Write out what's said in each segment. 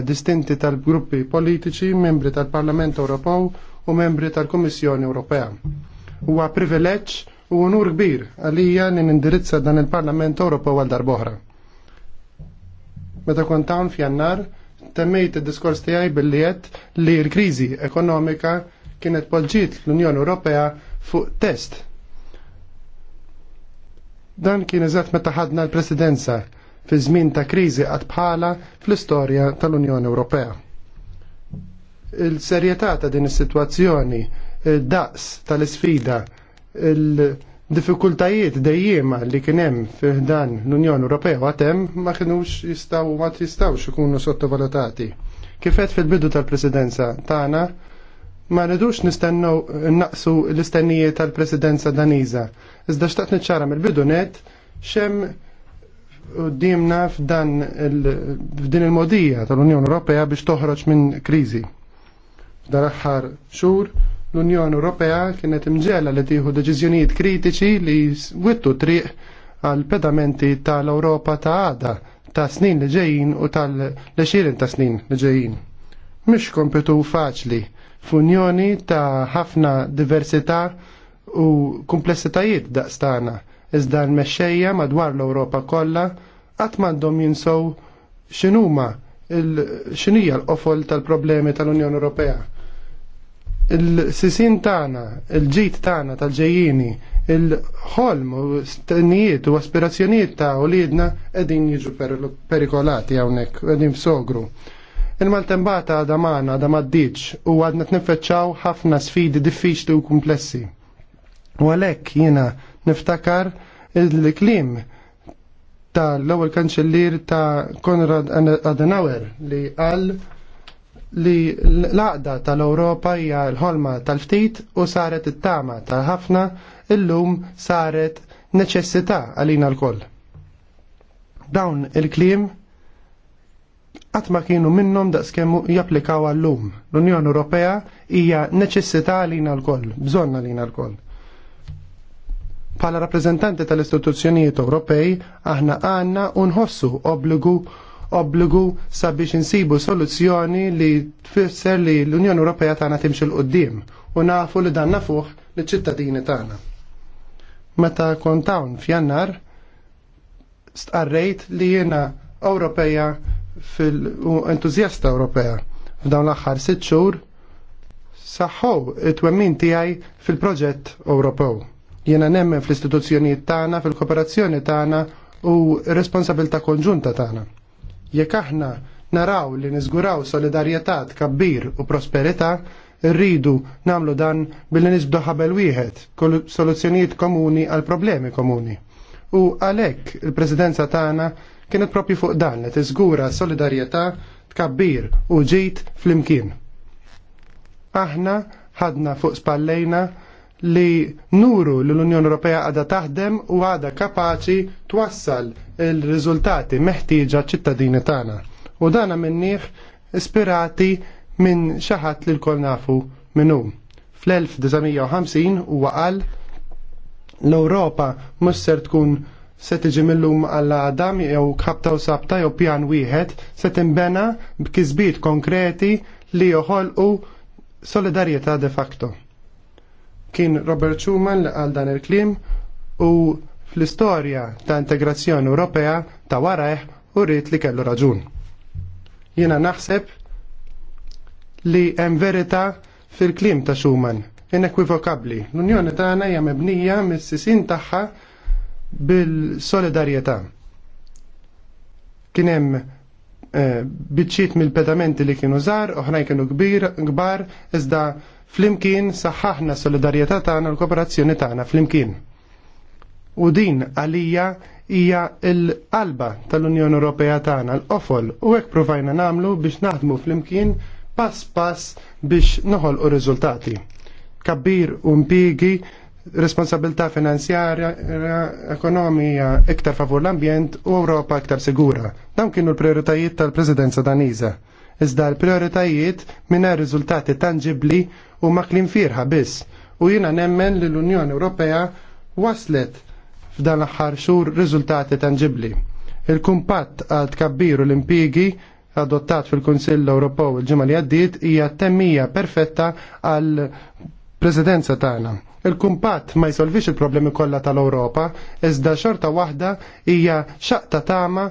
distinti tal-gruppi politiċi, membri tal-Parlament Ewropew u membri tal-Kummissjoni Ewropea. Huwa privileġġ u onur kbir għalija li nindirizza dan il-Parlament Ewropew għal darboħra. Meta kont hawn f'Jannar, temmejt id-diskors tiegħi billi qed li l-kriżi ekonomika kienet poġġiet l-Unjoni Ewropea fuq test. Dan kien eżatt meta ħadna l-Presidenza fi żmien ta' kriżi qatt bħala fl-istorja tal-Unjoni Ewropea. Il-serjetà ta' din is-sitwazzjoni, il-daqs tal-isfida, il-diffikultajiet dejjema li kien hemm fi dan l-Unjoni Ewropea u għatem ma kinux jistgħu ma jistgħux ikunu sottovalutati. Kifet fil-bidu tal-presidenza tagħna ma rridux nistennew naqsu l-istennijiet tal-presidenza Daniża. Iżda xtaqt niċċara mill-bidu net xem qoddimna f'dan f'din il-modija tal-Unjoni Ewropea biex toħroġ minn kriżi. F'dan aħħar xhur l-Unjoni Ewropea kienet imġela li tieħu deċiżjonijiet kritiċi li wittu triq għal pedamenti tal-Ewropa ta' għada ta' snin li ġejjin u tal-lexirin ta' snin li ġejjin. Mhix kompetu faċli f'unjoni ta' ħafna diversità u komplessitajiet daqstana Iżda l-mexxejja madwar l-Ewropa kollha qatt m'għandhom jinsow x'inhuma x'inhija l-qofol tal-problemi tal-Unjoni Ewropea. Il-sisin tagħna, il-ġid tagħna tal-ġejjini, il-ħolm u stennijiet u aspirazzjonijiet ta' ulidna qegħdin jiġu perikolati hawnhekk, qegħdin f'sogru. Il-maltembata għada maħna, għada u għadna t-nifetċaw ħafna sfidi diffiċli u komplessi. U għalek jiena niftakar il-klim ta' l-ewwel kanċellier ta' Konrad Adenauer li qal li l-aqda tal-Ewropa hija l-ħolma tal-ftit u saret it-tama tal-ħafna illum saret neċessità għalina l-koll. Dawn il-klim qatt ma kienu minnhom skemmu japplikaw għallum. L-Unjoni Ewropea hija neċessità għalina l-koll, bżonn għalina l-koll. Pala rappresentanti tal-istituzzjonijiet Ewropej, aħna għanna unħossu obbligu obbligu sabiex insibu soluzzjoni li tfisser li l-Unjoni Ewropea tagħna timxi l-qoddim u nafu li danna fuq li ċittadini tagħna. Meta kontawn f'Jannar stqarrejt li jiena Ewropeja fil-entuzjasta Ewropea f'dawn l-aħħar sitt xhur saħħu it-twemmin tiegħi fil-proġett Ewropew Jena nemmen fl-istituzzjonijiet tagħna, fil-kooperazzjoni tagħna u responsabilta konġunta tagħna. Jekk aħna naraw li niżguraw solidarjetà tkabbir u prosperità, rridu namlu dan billi nisbdu ħabel wieħed, soluzzjonijiet komuni għal problemi komuni. U għalhekk il-presidenza tagħna kienet propju fuq dan li tiżgura solidarjetà tkabbir u ġid flimkien. Aħna ħadna fuq spallejna li nuru li l-Unjoni Ewropea għada taħdem u għada kapaċi twassal il-riżultati meħtieġa ċittadini tagħna. U dana minniħ ispirati minn xaħat li l-kol nafu minnu. Fl-1950 huwa qal l-Ewropa mhux ser tkun se tiġi millum għal adam jew kħabta u sabta jew pjan wieħed se tinbena b'kisbiet konkreti li joħolqu solidarjetà de facto. Kien Robert Schumann li għal dan il-klim u fl-istorja ta' integrazzjoni Ewropea ta' warajh u rrit li kellu raġun. Jiena naħseb li hemm verità fil-klim ta' Schumann inekwivokabbli. L-Unjoni tagħna hija mebnija mis-sisin tagħha bil-solidarjetà. Kien hemm eh, biċċiet mill-pedamenti li kienu żgħar, oħrajn kienu kbir, kbar, iżda Flimkien saħħaħna solidarjetà tagħna u l-kooperazzjoni tagħna flimkien. U din għalija hija l-qalba tal-Unjoni Ewropea tagħna l-qofol u hekk provajna nagħmlu biex naħdmu flimkien pass pass biex u riżultati. Kabbir u mpigi, responsabilità finanzjarja, ekonomija iktar favur l-ambjent u Ewropa iktar sigura. Dawn kienu l-prioritajiet tal-Presidenza Daniża. Iżda l-prioritajiet minn riżultati tangibli u ma klim firħa biss. U jiena nemmen li l-Unjoni Ewropea waslet f'dan l-aħħar xhur riżultati tangibbli. Il-kumpatt għal tkabbiru l impigi adottat fil-Kunsill Ewropew il-ġimgħa li għaddiet hija temmija perfetta għal Presidenza tagħna. Il-kumpat ma jsolvix il-problemi kollha tal-Ewropa, iżda xorta waħda hija xaqta tama,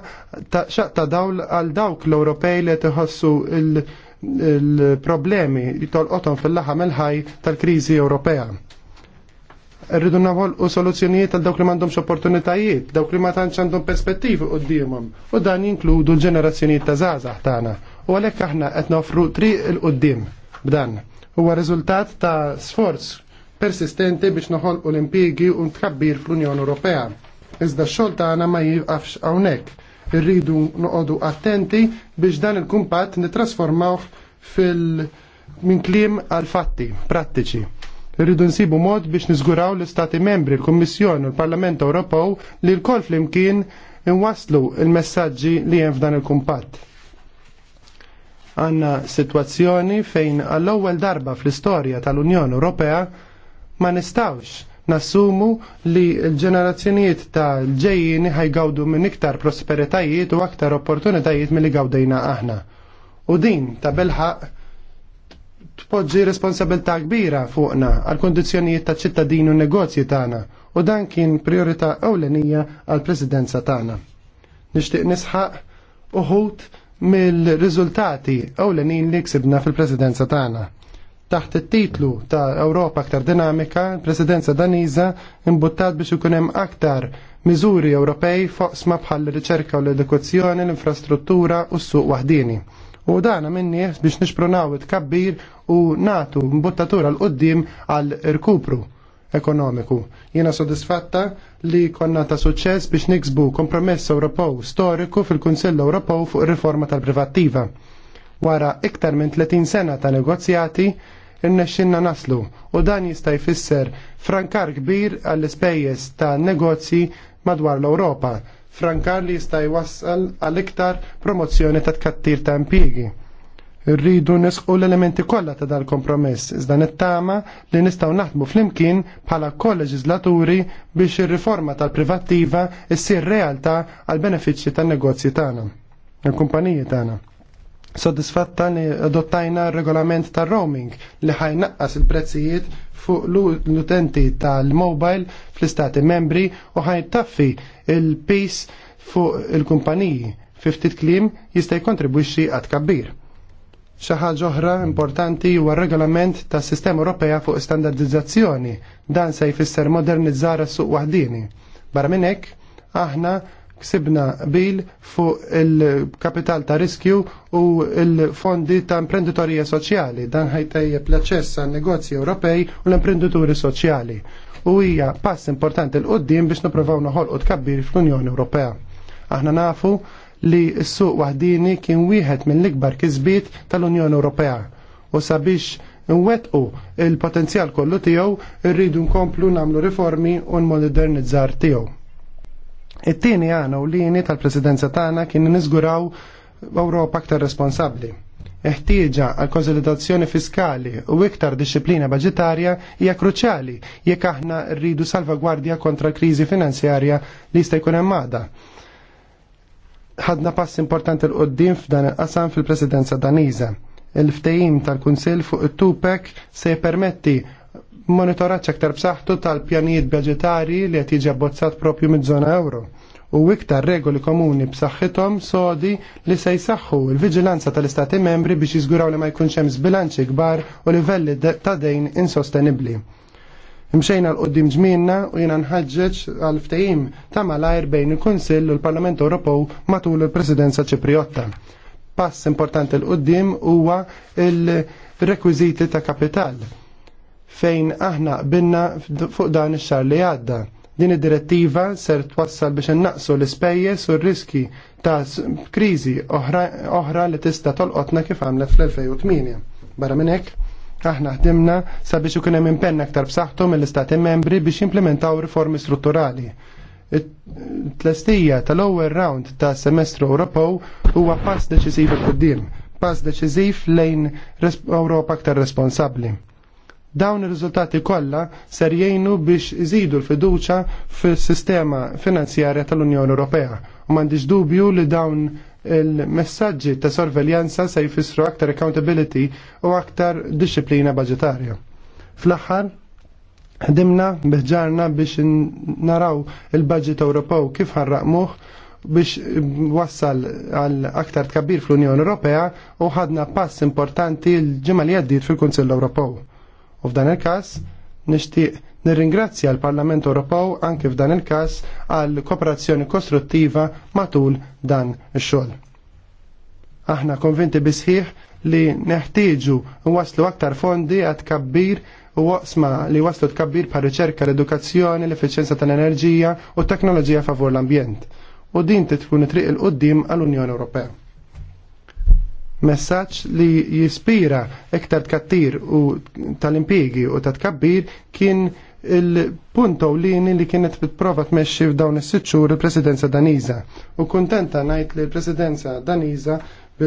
xaqta dawl għal dawk l-Ewropej li tħossu il- il-problemi li tolqotom fil-laħam il-ħaj tal-krizi Ewropea. Rridu naħol u soluzzjonijiet tal dawk li m'għandhomx opportunitajiet, dawk li ma tantx għandhom perspettivi dimom u dan jinkludu l-ġenerazzjonijiet ta' zazax tagħna. U għalhekk aħna qed nofru triq il qudiem b'dan. Huwa riżultat ta' sforz persistenti biex u l-impjiegi u tkabbir fl-Unjoni Ewropea. Iżda x-xogħol tagħna ma jibqafx hawnhekk Irridu noqogħdu attenti biex dan il-kumpat nitrasformawh fil- minn klim għal fatti prattiċi. Irridu nsibu mod biex niżguraw l-Istati membri, l-Kommissjoni, l-Parlament Ewropew li l-kol flimkien inwaslu il-messagġi li hemm f'dan il-kumpat. Għanna situazzjoni fejn għall-ewwel darba fl-istorja tal-Unjoni Ewropea ma nistawx nassumu li l-ġenerazzjonijiet ta' ġejjini ħajgawdu minn iktar prosperitajiet u aktar opportunitajiet mill-li gawdejna aħna. U din ta' belħaq tpoġġi responsabilta' kbira fuqna għal kondizjonijiet ta' ċittadini u negozji tagħna u dan kien priorità ewlenija għal presidenza tagħna. Nixtieq nisħaq uħut mill-riżultati ewlenin li ksibna fil-presidenza tagħna Taħt it-titlu ta' Ewropa aktar dinamika, il-Presidenza Daniża imbuttat biex ikun hemm aktar miżuri Ewropej foqsma bħal riċerka u l-edukazzjoni, l-infrastruttura u s-suq waħdini. U dana minni biex nixpronaw it-kabbir u natu mbuttatura l-qoddim għal irkupru ekonomiku. Jiena sodisfatta li konna ta' suċċess biex niksbu kompromess Ewropew storiku fil-Kunsill Ewropew fuq ir-riforma tal-privattiva. Wara iktar minn 30 sena ta' negozjati, irnexxinna naslu u dan jista' jfisser frankar kbir għall-ispejjeż ta' negozji madwar l-Ewropa, frankar li jista' jwassal għal iktar promozzjoni ta' tkattir ta' impjiegi. Rridu nisqu l-elementi kollha ta' dal-kompromess iżda nittama li nistgħu naħdmu flimkien bħala kol-leġislaturi biex ir-riforma tal-privattiva issir realtà għal benefiċċji tan-negozji tagħna, il-kumpaniji tagħna. Soddisfatta li adottajna regolament ta' roaming li ħajnaqqas il-prezzijiet fuq l-utenti tal-mobile fl-istati membri u ħajtaffi il-pis fuq il-kumpaniji. Fiftit klim jista' jkontribwixxi għad kabbir. Xi ħaġa oħra importanti huwa regolament tas sistema Ewropea fuq standardizzazzjoni. Dan se jfisser modernizzar suq waħdini. Barra minn hekk aħna ksibna bil fuq il-kapital ta' riskju u il-fondi ta' imprenditorija soċjali. Dan ħajtejjeb l-aċċess negozji Ewropej u l-imprenditori soċjali. U hija pass importanti l-qoddim biex nipprovaw noħolqu tkabbir fl-Unjoni Ewropea. Aħna nafu li s-suq waħdini kien wieħed mill-ikbar kisbiet tal-Unjoni Ewropea u sabiex nwettqu il-potenzjal kollu tiegħu rridu nkomplu nagħmlu riformi u nmodernizzar modernizzar tiegħu. It-tieni għana u lini tal-presidenza tagħna kien niżguraw Ewropa aktar responsabbli. Eħtieġa għal konsolidazzjoni fiskali u iktar disciplina budgetarja hija kruċjali jekk aħna rridu salvagwardja kontra kriżi finanzjarja li jista' jkun hemm Ħadna pass importanti l qoddim f'dan il-qasam fil-presidenza Daniża. Il-ftehim tal-Kunsill fuq it-Tupek se jpermetti monitorat aktar b'saħħtu tal-pjanijiet budgetari li qed jiġi abbozzat propju mid zona euro u iktar regoli komuni b'saħħithom sodi li se jsaħħu l-viġilanza tal-Istati membri biex jiżguraw li ma jkunx hemm sbilanċi kbar u livelli ta' dejn insostenibbli. Imxejna l-qoddim ġminna u jina nħagġeċ għal ftehim ta' malajr bejn il-Kunsill u l-Parlament Ewropew matul il-Presidenza Ċipriotta. Pass importanti l-qoddim huwa il-rekwiżiti ta' kapital fejn aħna binna fuq dan ix-xar li għadda. Din id-direttiva ser twassal biex innaqsu l-ispejjeż u r-riski ta' kriżi oħra li tista' tolqotna kif għamlet fl-2008. Barra minn hekk, aħna ħdimna sabiex ikun hemm impenn aktar b'saħħtu mill-istati membri biex jimplementaw riformi strutturali. It-tlestija tal-ewwel round ta' semestru Ewropew huwa pass deċiżiv il-qudiem, pass deċiżiv lejn Ewropa aktar responsabbli Dawn ir-riżultati kollha ser jgħinu biex iżidu l fiduċja fis-sistema finanzjarja tal-Unjoni Ewropea. U m'għandix dubju li dawn il-messaġġi ta' sorveljanza se jfissru aktar accountability u aktar dixxiplina budgetarja. Fl-aħħar, ħdimna biħġarna biex naraw il-budget Ewropew kif ħarraqmuh biex wassal għal aktar tkabbir fl-Unjoni Ewropea u ħadna pass importanti l-ġimgħa li għaddiet fil-Kunsill Ewropew. U f'dan il-każ nixtieq nirringrazzja l-Parlament Ewropew anke f'dan il-każ għal kooperazzjoni kostruttiva matul dan ix-xogħol. Aħna konvinti bisħiħ li neħtieġu waslu aktar fondi għad kabbir u waqsma li waslu tkabbir pa' riċerka, l-edukazzjoni, l-efficienza tal-enerġija u t teknoloġija favur l-ambjent. U din titkun triq il-qoddim għall-Unjoni Ewropea. Messaġġ li jispira iktar tkattir u tal-impigi u ta' tkabbir kien il u lini li kienet bitprova tmexxi f'dawn is-sitt xhur il-Presidenza Daniza. U kuntenta ngħid li l-Presidenza Daniza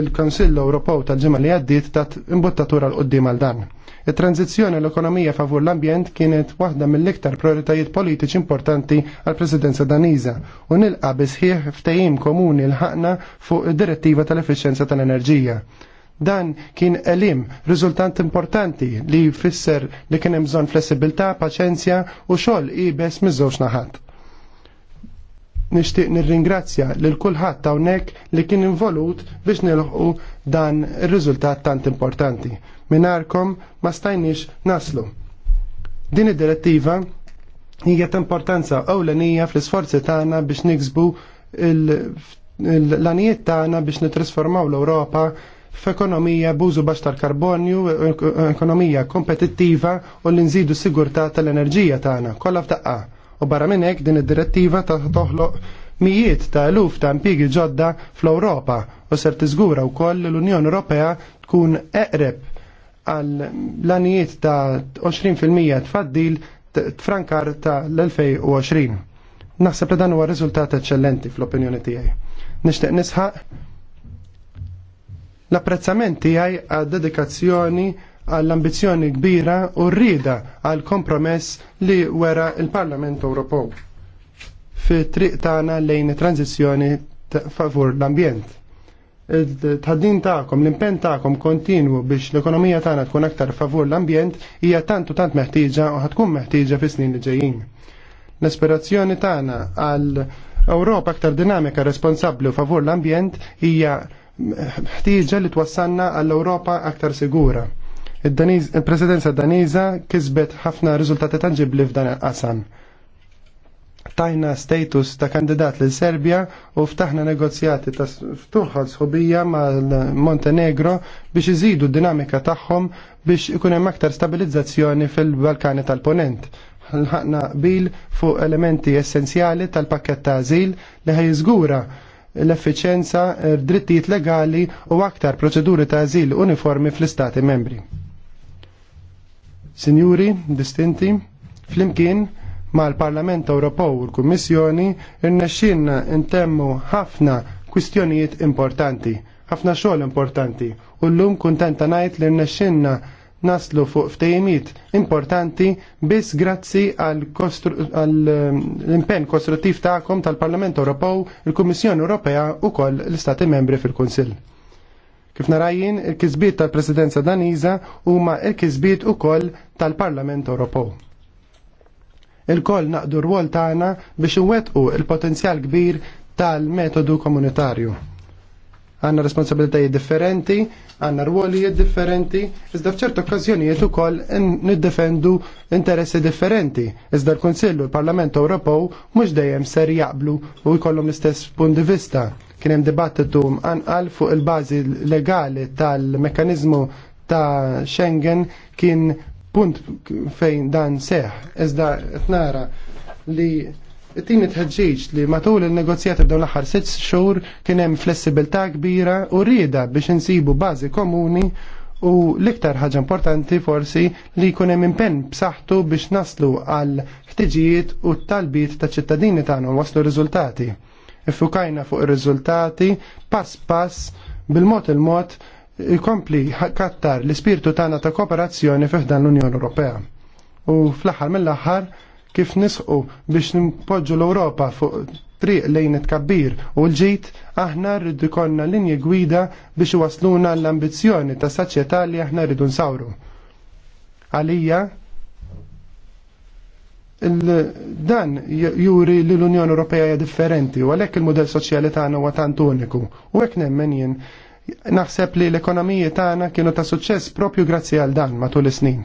il-Konsill Ewropew tal-ġimgħa li għaddiet tat imbottatura l-qoddim għal dan. Il-tranzizzjoni l-ekonomija favur l-ambjent kienet waħda mill-iktar prioritajiet politiċi importanti għal presidenza Daniża u nilqa bisħieħ ftehim komuni l ħakna fuq id-direttiva tal-efficienza tal-enerġija. Dan kien elim, riżultant importanti li jfisser li kien hemm bżonn flessibilità, paċenzja u xogħol ibes miż-żewġ naħat nixtieq nirringrazzja lil kulħadd hawnhekk li kien involut biex nilħqu dan ir-riżultat tant importanti. Minarkom ma stajniex naslu. Din id-direttiva hija ta' importanza ewlenija fl-isforzi tagħna biex niksbu l-anijiet tagħna biex nitrasformaw l-Ewropa f'ekonomija b'użu baxx tal-karbonju, ekonomija kompetittiva u l-inżidu sigurtà tal-enerġija tagħna kollha f'daqqa U barra minn hekk din id-direttiva ta' toħloq mijiet ta' eluf ta' impigi ġodda fl-Ewropa u ser tiżgura wkoll l-Unjoni Ewropea tkun eqreb għal l-anijiet ta' 20% tfaddil frankar ta' l-2020. Naħseb li dan huwa riżultat eċċellenti fl-opinjoni tiegħi. Nixtieq nisħaq l-apprezzament tiegħi għad dedikazzjoni għall-ambizjoni kbira u rrida għall kompromess li wera il-Parlament Ewropew fi triq tagħna lejn tranzizzjoni favur l-ambjent. Tħaddin tagħkom, l-impenn tagħkom kontinwu biex l-ekonomija tagħna tkun aktar favur l-ambjent hija tantu tant meħtieġa u ħadkun meħtieġa fis-snin li ġejjin. L-aspirazzjoni tagħna għal Ewropa aktar dinamika responsabbli u favur l-ambjent hija ħtieġa li twassanna għall-Ewropa aktar sigura Il-presidenza daniza kisbet ħafna riżultati tangibli f'dan il-qasam. Tajna status ta' kandidat lil serbja u ftaħna negozjati ta' ftuħal sħubija mal-Montenegro biex iżidu d-dinamika tagħhom biex ikun hemm aktar stabilizzazzjoni fil-Balkani tal-Ponent ħana bil fuq elementi essenzjali tal-pakket ta' azil li ħajżgura l-effiċenza, drittijiet legali u aktar proċeduri ta' azil uniformi fl-istati membri. Signuri, distinti, flimkien ma' l-Parlament Ewropew u l-Kummissjoni irnexxinna intemmu ħafna kwistjonijiet importanti, ħafna xogħol importanti, u llum kuntenta ngħid li rnexxinna naslu fuq ftejimiet importanti biss grazzi għall-impenn ehm, kostruttiv tagħkom tal-Parlament Ewropew, il-Kummissjoni Ewropea u koll l-Istati Membri fil-Kunsill. Kif narajin, il-kizbit tal-presidenza daniża huma il-kizbit ukoll tal-Parlament Ewropew. Il-koll naqdu rwol tagħna biex iwettqu il-potenzjal kbir tal-metodu komunitarju għanna responsabilitajiet differenti, għanna rwolijiet differenti, iżda fċertu okkazjonijiet ukoll niddefendu interessi differenti. Iżda l-Konsillu l-Parlament Ewropew mhux dejjem ser jaqblu u jkollhom l-istess punt di vista. Kien hemm dibattitu anqal fuq il-bażi legali tal-mekkaniżmu ta' Schengen kien punt fejn dan seħ. Iżda tnara li it-tini tħedġiġ li matul il-negozjati b'dawn l-aħħar sitt xhur kien hemm flessibilità kbira u rieda biex insibu bażi komuni u l-iktar ħaġa importanti forsi li jkun hemm impenn b'saħħtu biex naslu għal ħtiġijiet u t-talbiet ta' ċittadini tagħna waslu riżultati. Ifukajna fuq ir-riżultati pass pass bil-mod il-mod ikompli kattar l-ispirtu tagħna ta' kooperazzjoni fiħdan l-Unjoni Ewropea. U fl-aħħar mill-aħħar kif nisqu biex nimpoġġu l-Ewropa fuq triq lejn it-kabbir u l-ġit aħna rridu konna linje gwida biex wasluna l-ambizzjoni ta' saċjetà li aħna rridu nsawru. Għalija Dan juri li l-Unjoni Ewropea hija differenti u għalhekk il-mudell soċjali tagħna huwa tant uniku. U hekk nemmen jien naħseb li l-ekonomiji tagħna kienu ta' suċċess propju grazzi għal dan matul is-snin.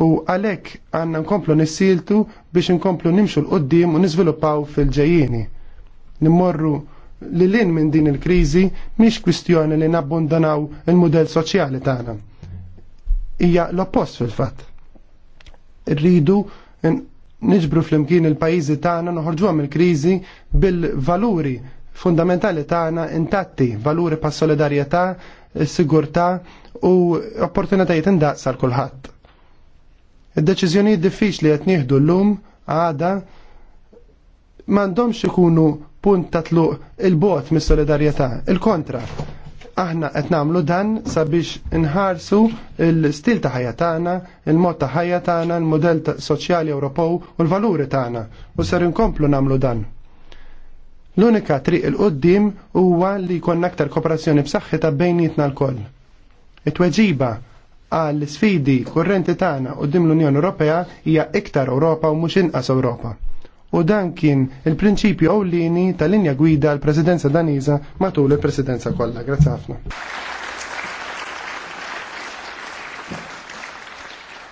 U għalhekk għandna nkomplu nissiltu biex inkomplu nimxu l-qoddim u niżviluppaw fil-ġejjieni. Nimmorru li lin minn din il-kriżi mhix kwistjoni li nabbundanaw il-mudell soċjali tagħna. Hija l-oppost fil-fatt. Rridu niġbru fl-imkien il-pajizi tagħna noħorġu mill-kriżi bil-valuri fundamentali tagħna intatti, valuri pa' solidarjetà, sigurtà u opportunitajiet indaqsa l kulħadd. Id-deċiżjonijiet diffiċli qed nieħdu llum għada m'għandhomx ikunu punt ta' tluq il-bot mis-solidarjetà, il-kontra aħna qed nagħmlu dan sabiex inħarsu l-stil ta' ħajja tagħna, il-mod ta' ħajja tagħna, il-modell soċjali Ewropew u l-valuri tagħna u ser inkomplu nagħmlu dan. L-unika triq il-qoddim huwa li jkollna aktar kooperazzjoni b'saħħitha bejnietna l-koll. It-tweġiba għall sfidi kurrenti tagħna qudiem l-Unjoni Ewropea hija iktar Ewropa u mhux inqas Ewropa u dan kien il-prinċipju ewlieni tal-linja gwida l-Presidenza daniza matul il-Presidenza kollha. Grazzi ħafna.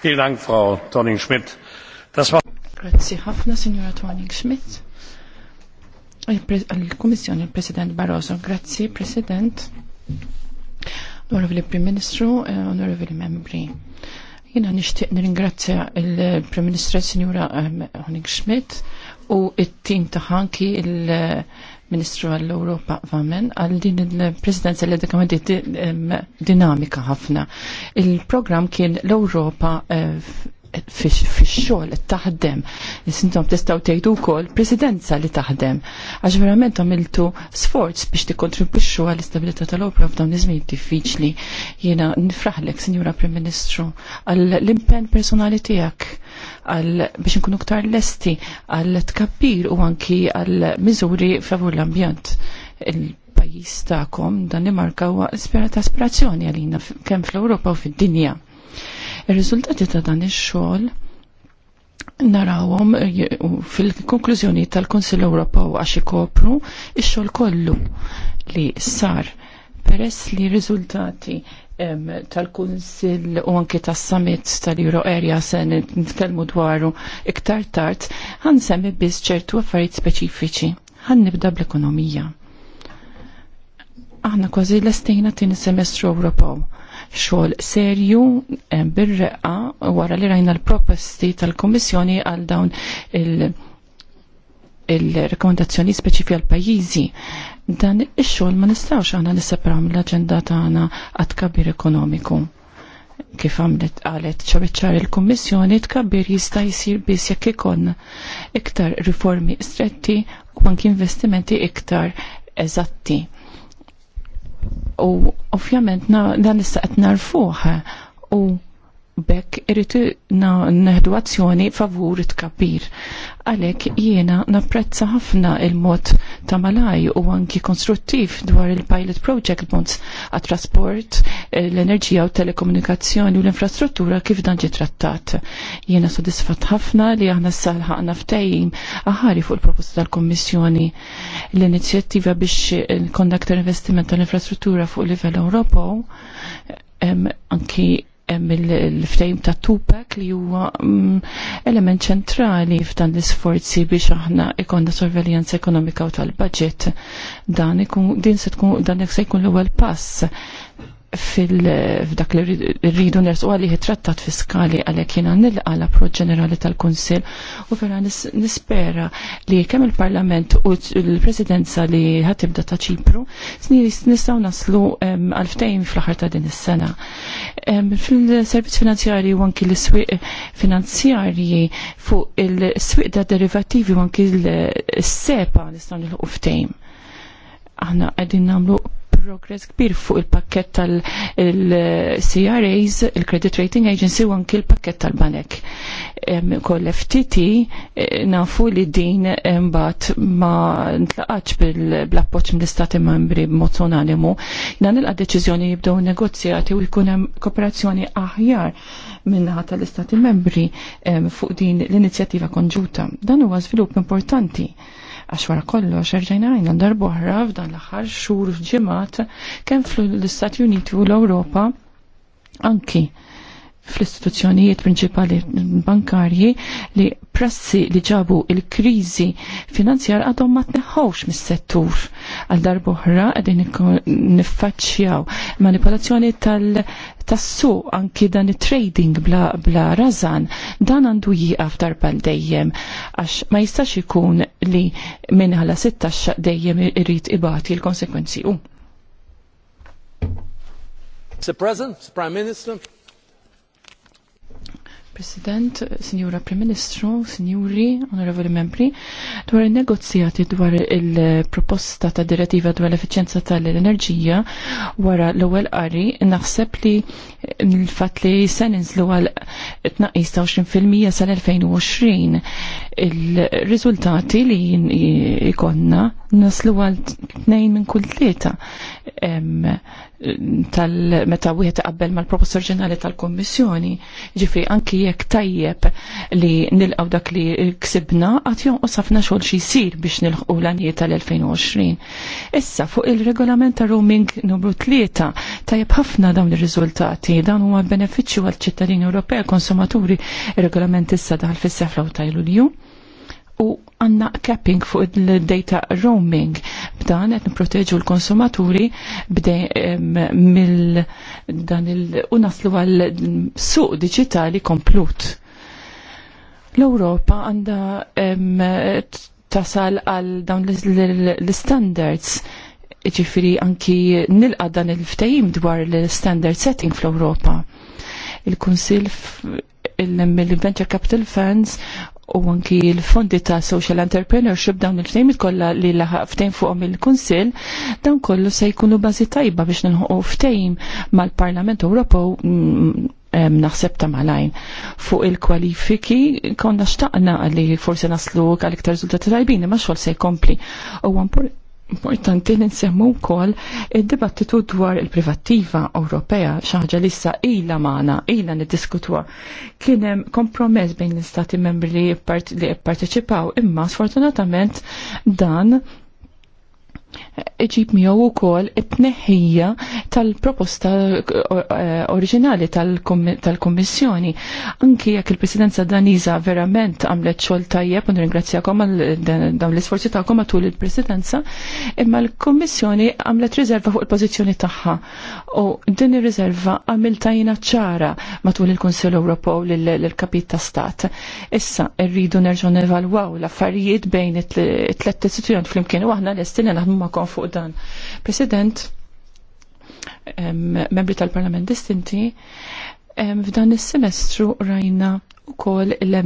Vielen Dank, Frau Tonning-Schmidt. Das war Grazzi ħafna, Signora Toning Schmidt. Il-Kommissjoni, il-President Barroso. Grazzi, President. Onorevoli Prim Ministru, eh, onorevoli membri. Jena nishtiq nirringrazzja il-Prim Ministra Signora eh, Honig Schmidt u it-tim taħanki il-Ministru għall-Europa Vamen għal din il-Presidenza li dik dinamika ħafna. Il-program kien l-Europa eh, fix-xogħol taħdem. jisintom tistgħu tgħidu kol presidenza li taħdem. Għax verament għamiltu sforz biex tikkontribwixxu għall istabilità tal-opra f'dawn iż-żmien diffiċli. Jiena nifraħlek, Sinjura Prim Ministru, għall impenn personali tiegħek għal biex nkunu ktar lesti għal tkabbir u anki għal miżuri favur l ambjant il-pajis ta'kom Danimarka huwa ta' aspirazzjoni għalina kemm fl-Ewropa u fid-dinja Ir-riżultati ta' dan ix-xogħol narawhom eh, fil-konklużjoni tal-Kunsill Ewropew għax ikopru ix-xogħol kollu li sar peress li riżultati tal-Kunsill u anke tas-summit tal-Euro Area se nitkellmu dwaru iktar tard, semmi biss ċertu affarijiet speċifiċi. Ħan nibda bl-ekonomija. Aħna kważi l-estejna tin semestru Ewropew xogħol serju eh, bir-reqqa wara li rajna l-proposti tal-Kummissjoni għal dawn il- il-rekomendazzjoni speċifi għal pajjiżi dan ix-xogħol ma nistgħux aħna nisseparaw l aġenda tagħna għad kabir ekonomiku. Kif għamlet qalet ċabiċċar il-Kummissjoni tkabbir jista' jsir biss jekk ikun iktar riformi stretti u anki investimenti iktar eżatti u ovvjament dan issa qed narfuh u bekk irrit naħdu azzjoni favur tkabbir. Għalek jiena napprezza ħafna il-mod ta' malaj u anki konstruttiv dwar il-pilot project bonds għat trasport, l-enerġija u telekomunikazzjoni u l-infrastruttura kif dan ġi trattat. Jiena sodisfat ħafna li aħna s-salħaqna ftejim aħari fuq il-proposta tal-Kommissjoni l-inizjattiva biex kondaktar investiment tal-infrastruttura fuq livell Ewropew anki hemm il-ftejm ta' Tupac li huwa mm, element ċentrali f'dan l-isforzi biex aħna ikonna sorveljanza ekonomika u tal-budget dan ikun din se tkun dan jekk se jkun l-ewwel pass fil-dak li rridu nersu għalli trattat fiskali għalek jena nilqa l-approċ ġenerali tal konsil u vera nispera li kemm il-Parlament u l-Presidenza li ħatibda ta' ċipru nistaw naslu għalftejn fl-ħar ta' din is-sena. Fil-servizz finanzjari u anki l-swiq finanzjarji fuq il-swiq da' derivativi u anki l-sepa nistaw nil ftejn. Aħna għedin namlu progress kbir fuq il-pakket tal-CRAs, il il-Credit Rating Agency, u anki il-pakket tal-Banek. Koll FTT eh, nafu li din mbagħad ma ntlaqax bil blappoċ mill-Istati Membri mozzon unanimu. Dan il deċiżjoni jibdew negozjati u jkun hemm kooperazzjoni aħjar minnaħa tal-Istati Membri fuq din l-inizjattiva konġuta. Dan huwa żvilupp importanti Għax wara kollox xerġajna għajna darbohra f'dan l-aħħar xhur ġemat kemm fl-Istati Uniti u l-Ewropa anki fl-istituzzjonijiet prinċipali bankarji li prassi li ġabu il-krizi finanzjar għadhom ma tneħħawx mis-settur. Għal oħra qegħdin niffaċċjaw manipolazzjoni tal- tassu anki dan it trading bla, bla razan dan għandu jiqaf l dejjem għax ma jistax ikun li minn ħala 16 dejjem irrit ibati l-konsekwenzi u. Mr. President, Prime Minister, President, Signora Prim Ministru, Signori, Onorevoli Membri, dwar il-negozjati dwar il-proposta ta' direttiva dwar l-efficienza tal-enerġija wara l-ewwel qari naħseb li l-fatt li se l għal tnaqqis ta' 20% sal-2020 il-riżultati li ikonna naslu għal tnejn minn kull tlieta tal-meta wieħed qabel mal professor ġenerali tal-Kommissjoni, ġifri anki jekk tajjeb li nilqaw dak li ksibna għad jonqos ħafna xogħol xi jsir biex nilħqu l-għanijiet tal-2020. Issa fuq il-regolament ta' roaming numru tlieta tajjeb ħafna dawn ir-riżultati dan huwa benefiċċju għall-ċittadini Ewropej konsumaturi ir-regolament issa daħal fis-sefra u tajlu l-jum u għanna capping fuq il-data roaming. B'dan qed nipproteġu l-konsumaturi mill dan il u naslu għal suq diġitali komplut. L-Ewropa għandha tasal għal dawn l-standards ġifiri anki nilqa dan il-ftajim dwar l-standard setting fl-Europa. Il-Kunsil il-Venture Capital Funds u anki l-fondi ta' social entrepreneurship dawn il-ftejmit kollha li laħaq ftejn fuqhom il-Kunsill dawn kollu se jkunu bażi tajba biex nilħuqu ftejm mal-Parlament Ewropew mm, naħseb ta' malajn. Fuq il-kwalifiki konna xtaqna li forse naslu għal iktar riżultati tajbin, ma xogħol se jkompli. U importanti li nsemmu wkoll id-dibattitu dwar il-privattiva Ewropea xaħġa li issa ilha magħna ilha niddiskutwa. Kien hemm kompromess bejn l-istati membri li, part imma sfortunatament dan iġib miegħu wkoll it-tneħħija tal-proposta oriġinali tal-Kummissjoni. Anki jekk il-Presidenza Daniża verament għamlet xogħol tajjeb u nirringrazzjakom għal dawn l-isforzi tagħkom matul il-Presidenza, imma l-Kummissjoni għamlet riserva fuq il-pożizzjoni tagħha. U din ir-riserva għamiltajna ċara matul il kunsell Ewropew lill-Kapit ta' Stat. Issa rridu nerġgħu nevalwaw l-affarijiet bejn it-tlet istituzzjoni flimkien u aħna l-estina naħdmu ma' fuq dan. President, membri tal-Parlament distinti, f'dan is-semestru rajna u kol il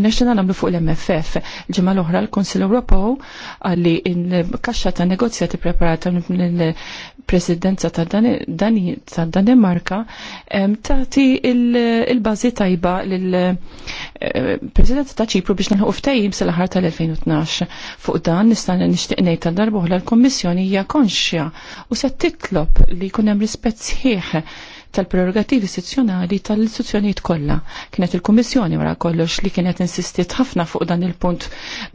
national għamlu fuq l-MFF. ġemal l-oħra l-Konsil Ewropew għalli il-kaxxa ta' negozjati preparata mill-presidenza ta' Danimarka tagħti il-bażi tajba lill-presidenza eh, ta' Ċipru biex nilħu ftehim sal-aħħar tal-2012. Fuq dan nista' nixtieq ngħid ta' darba l-Kommissjoni hija konxja u se titlob li jkun hemm rispett sħiħ tal-prerogativi sezzjonali tal-istituzzjonijiet kollha. Kienet il-Kummissjoni wara kollox li kienet insistiet ħafna fuq dan il-punt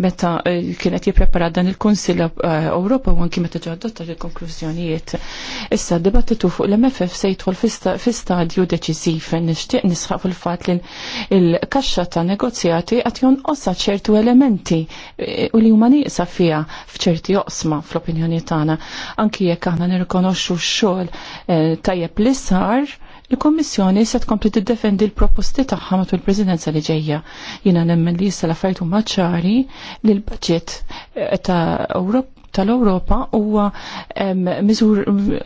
meta eh, kienet jippreparat dan il-Kunsill eh, Ewropa u anki meta ġaddotta il-konklużjonijiet. Issa dibattitu fuq l-MFF se jidħol fi stadju deċiżiv nixtieq nisħaq fil-fatt li l kaxxa ta' negozjati qed jonqosha ċertu elementi eh, u li huma nieqsa fiha f'ċerti oqsma fl-opinjoni tagħna. Anki jekk aħna nirrikonoxxu x-xogħol tajjeb li sar Il-Kommissjoni se tkompli tiddefendi l-proposti tagħha matul il-Presidenza li ġejja. Jiena nemmen li issa l-affarijiet huma ċari li l-baġġett eh, ta' Ewropa tal-Ewropa huwa miżur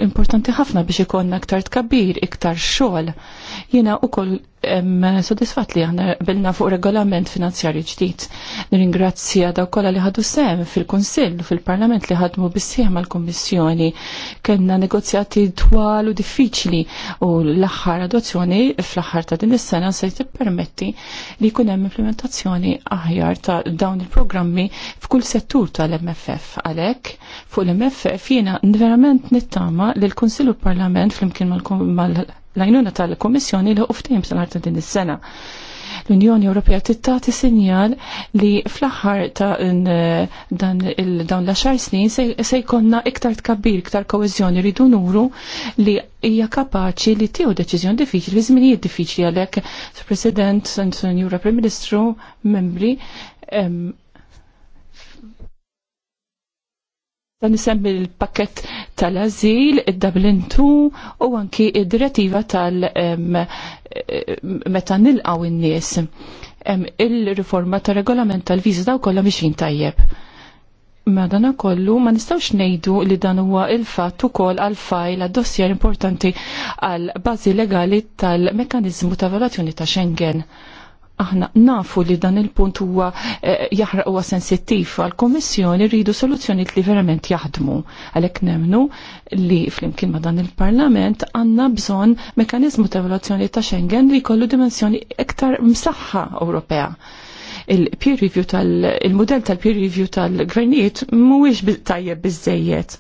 importanti ħafna biex ikonna aktar tkabbir, iktar xogħol. Jiena ukoll sodisfat li għanna bilna fuq regolament finanzjarju ġdid. Nringrazzja daw kolla li ħadu sem fil konsil u fil-Parlament li ħadmu bissieħ mal-Kommissjoni. Kenna negozjati twal u diffiċli u l-axħar adozzjoni fl-axħar ta' din is-sena se permetti li jkun hemm implementazzjoni aħjar ta' dawn il-programmi f'kull settur tal-MFF. Għalhekk fuq l-MFF jiena verament nittama li l konsil u l-Parlament fl-imkien mal l-għajnuna tal-Komissjoni li uftim sal-ħarta din is-sena. L-Unjoni Ewropea tittati sinjal li fl-aħħar ta' dan dawn l għaxar snin se jkollna iktar tkabbir, iktar koeżjoni rridu nuru li hija kapaċi li tieħu deċiżjoni diffiċli, żminijiet diffiċli għalhekk, President, Senjura Prim Ministru, membri, Dan nisemmi l-pakket tal-azil, id-Dublin 2 u anki id-direttiva tal-meta nilqaw in-nies. Il-riforma tal-regolament tal-viża daw kollha mixin tajjeb. Madana kollu ma nistawx nejdu li dan huwa il-fatt ukoll għal fajl għad dossier importanti għal bażi legali tal-mekanizmu ta' valutazzjoni ta' Schengen aħna nafu li dan il-punt huwa eh, jaħraq huwa sensittiv għal-Kummissjoni rridu soluzzjoni li verament jaħdmu. Għalhekk nemnu li flimkien ma' dan il-Parlament għandna bżonn mekanizmu ta' evaluazzjoni ta' Schengen li jkollu dimensjoni iktar msaħħa Ewropea il-peer review tal-modell tal-peer review tal-gvernijiet mhuwiex tajjeb biżejjed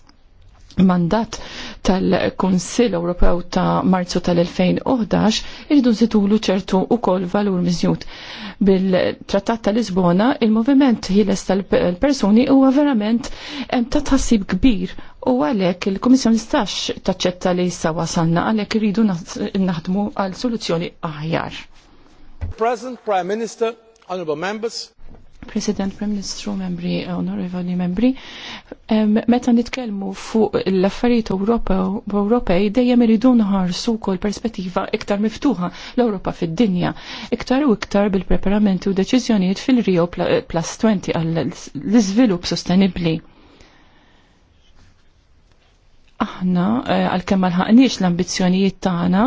mandat tal-Kunsill Ewropew ta' Marzu tal-2011 irridu nżidulu ċertu ukoll valur miżjut Bil-Trattat ta' Lisbona, il-moviment ħieles tal-persuni huwa verament ta' tħassib kbir u għalhekk il-Kummissjoni stax taċċetta li issa wasalna għalhekk irridu naħdmu għal soluzzjoni aħjar. President, Prime Minister, Honorable Members, President Prim Ministru membri, onorevoli membri, meta nitkellmu fuq l-affarijiet Ewropej dejjem iridu nħarsu wkoll perspettiva iktar miftuħa l-Ewropa fid-dinja, iktar u iktar bil-preparamenti u deċiżjonijiet fil-Rio Plus 20 għall-iżvilupp sostenibbli aħna eh, għal-kemm ma ħaqniex l-ambizzjonijiet tagħna,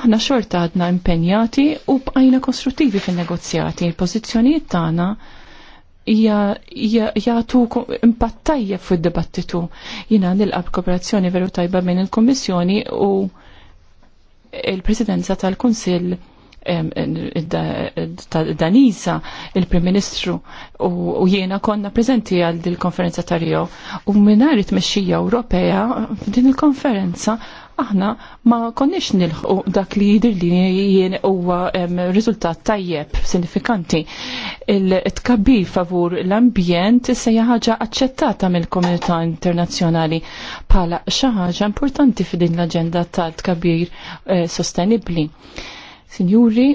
aħna xorta għadna impenjati u bqajna konstruttivi fin-negozjati. Il-pożizzjonijiet tagħna jgħatu impatt tajjeb fid dibattitu Jina nil-qab kooperazzjoni veru tajba bejn il-Kommissjoni u il-Presidenza tal-Kunsill Danisa, il-Prim Ministru u jiena konna prezenti għal dil-konferenza ta' Rio u minnar it-mexxija Ewropea f'din il-konferenza aħna ma konniex nilħu dak li jidir li jien huwa riżultat tajjeb sinifikanti. Il-tkabbir favur l-ambjent se ħaġa aċċettata mill-komunità internazzjonali bħala xi ħaġa importanti f'din l-aġenda tal-tkabbir sostenibli. Eh, sostenibbli. Sinjuri,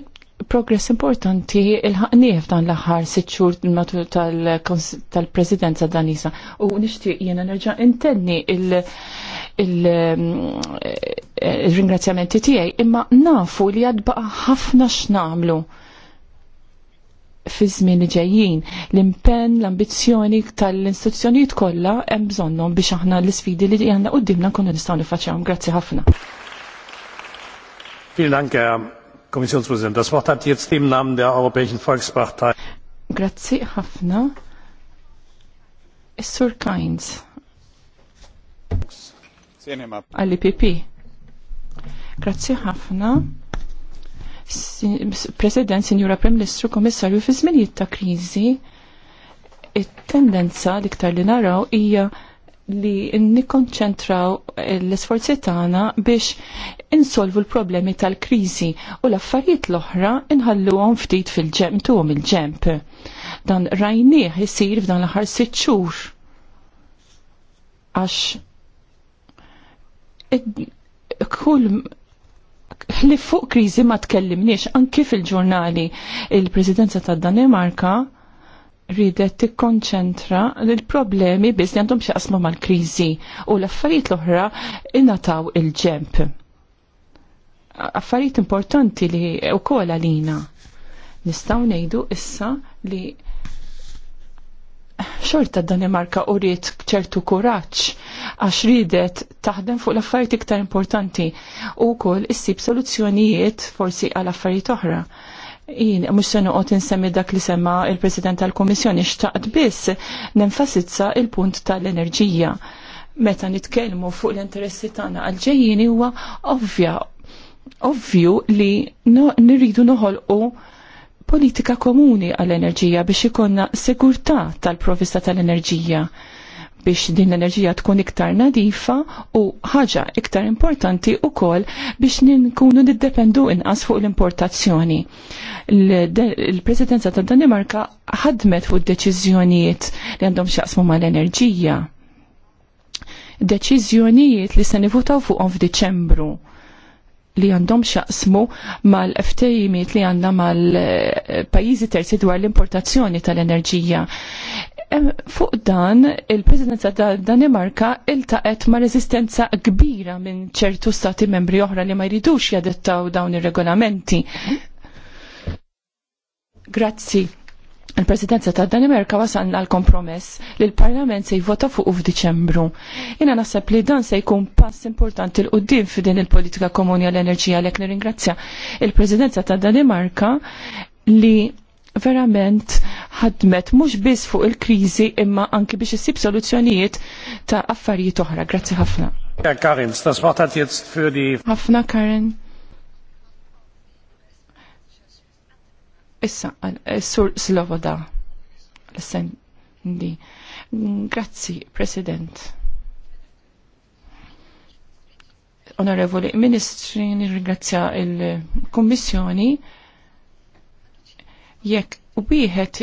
progress importanti il-ħaqnief dan l-aħħar sitt xhur tal-presidenza tal danisa u nixtieq jiena nerġa' intenni il- Ehm, eh, il-ringrazzjamenti tiegħi, imma nafu li għad baqa ħafna x'namlu fi żmien ġejjin. L-impenn, l-ambizzjoni tal-istituzzjonijiet kollha hemm bżonnhom biex aħna l-isfidi li għandna qudiemna nkunu nistgħu nifaċċjahom. Grazzi ħafna. Vielen Dank, Herr Kommissionspräsident. Das Wort hat jetzt im Namen der Europäischen Volkspartei. Grazzi ħafna. Sir Kainz. Għall-IPP. Grazzi ħafna. President, Sinjura Prem Ministru, Komissarju, fi żminijiet ta' kriżi, it-tendenza liktar li naraw hija li nikkonċentraw l-esforzi tagħna biex insolvu l-problemi tal-kriżi u l-affarijiet l-oħra inħalluhom ftit fil-ġemp tuhom il-ġemp. Dan rajnieh isir f'dan l-aħħar sitt xhur. Għax kull li fuq kriżi ma tkellimniex anki fil-ġurnali il-Presidenza ta' Danimarka ridet tikkonċentra l-problemi biz li għandhom xaqsma mal-kriżi u l-affarijiet l-oħra innataw il-ġemp. Affarijiet importanti li u kola lina. Nistaw nejdu issa li xorta Danimarka u rrit ċertu kuraċ għax ridet taħdem fuq l-affarijiet iktar importanti u wkoll issib soluzzjonijiet forsi għal affarijiet oħra. Jien, mux se noqgħod insemmi dak li semma il-President tal komissjoni xtaqt biss nenfasizza il-punt tal-enerġija. Meta nitkellmu fuq l-interessi tagħna għal ġejjini huwa ovvja ovvju li no, nirridu noħolqu politika komuni għall-enerġija biex ikonna sigurtà tal-provista tal-enerġija biex din l-enerġija tkun iktar nadifa u ħaġa iktar importanti u kol biex ninkunu niddependu inqas fuq l-importazzjoni. Il-Presidenza ta' Danimarka ħadmet fuq deċiżjonijiet li għandhom xaqsmu mal-enerġija. Deċiżjonijiet li se nivutaw fuqhom f'Diċembru li għandhom xaqsmu mal-ftejimiet li għandha mal-pajizi eh, terzi dwar l-importazzjoni tal-enerġija. Fuq dan, il-Presidenza ta' Danimarka iltaqet ma' rezistenza kbira minn ċertu stati membri oħra li ma' jridux jadettaw dawn ir-regolamenti. Grazzi. Il-Presidenza ta' Danimarka wasan għal kompromess li l-Parlament se jivota fuq f'Diċembru. Jena nasab li dan se jkun pass importanti l-qoddim f'din il-politika komuni għall-enerġija l-ek nirringrazzja il-Presidenza ta' Danimarka li verament ħadmet mhux biss fuq il-kriżi imma anki biex issib soluzzjonijiet ta' affarijiet oħra. Grazzi ħafna. Karin, jetzt für die... Ħafna, Karin. Issa, eh, sur Sloboda. sendi Grazzi, President. Onorevoli Ministri, nirringrazzja il-Kommissjoni Jekk u wieħed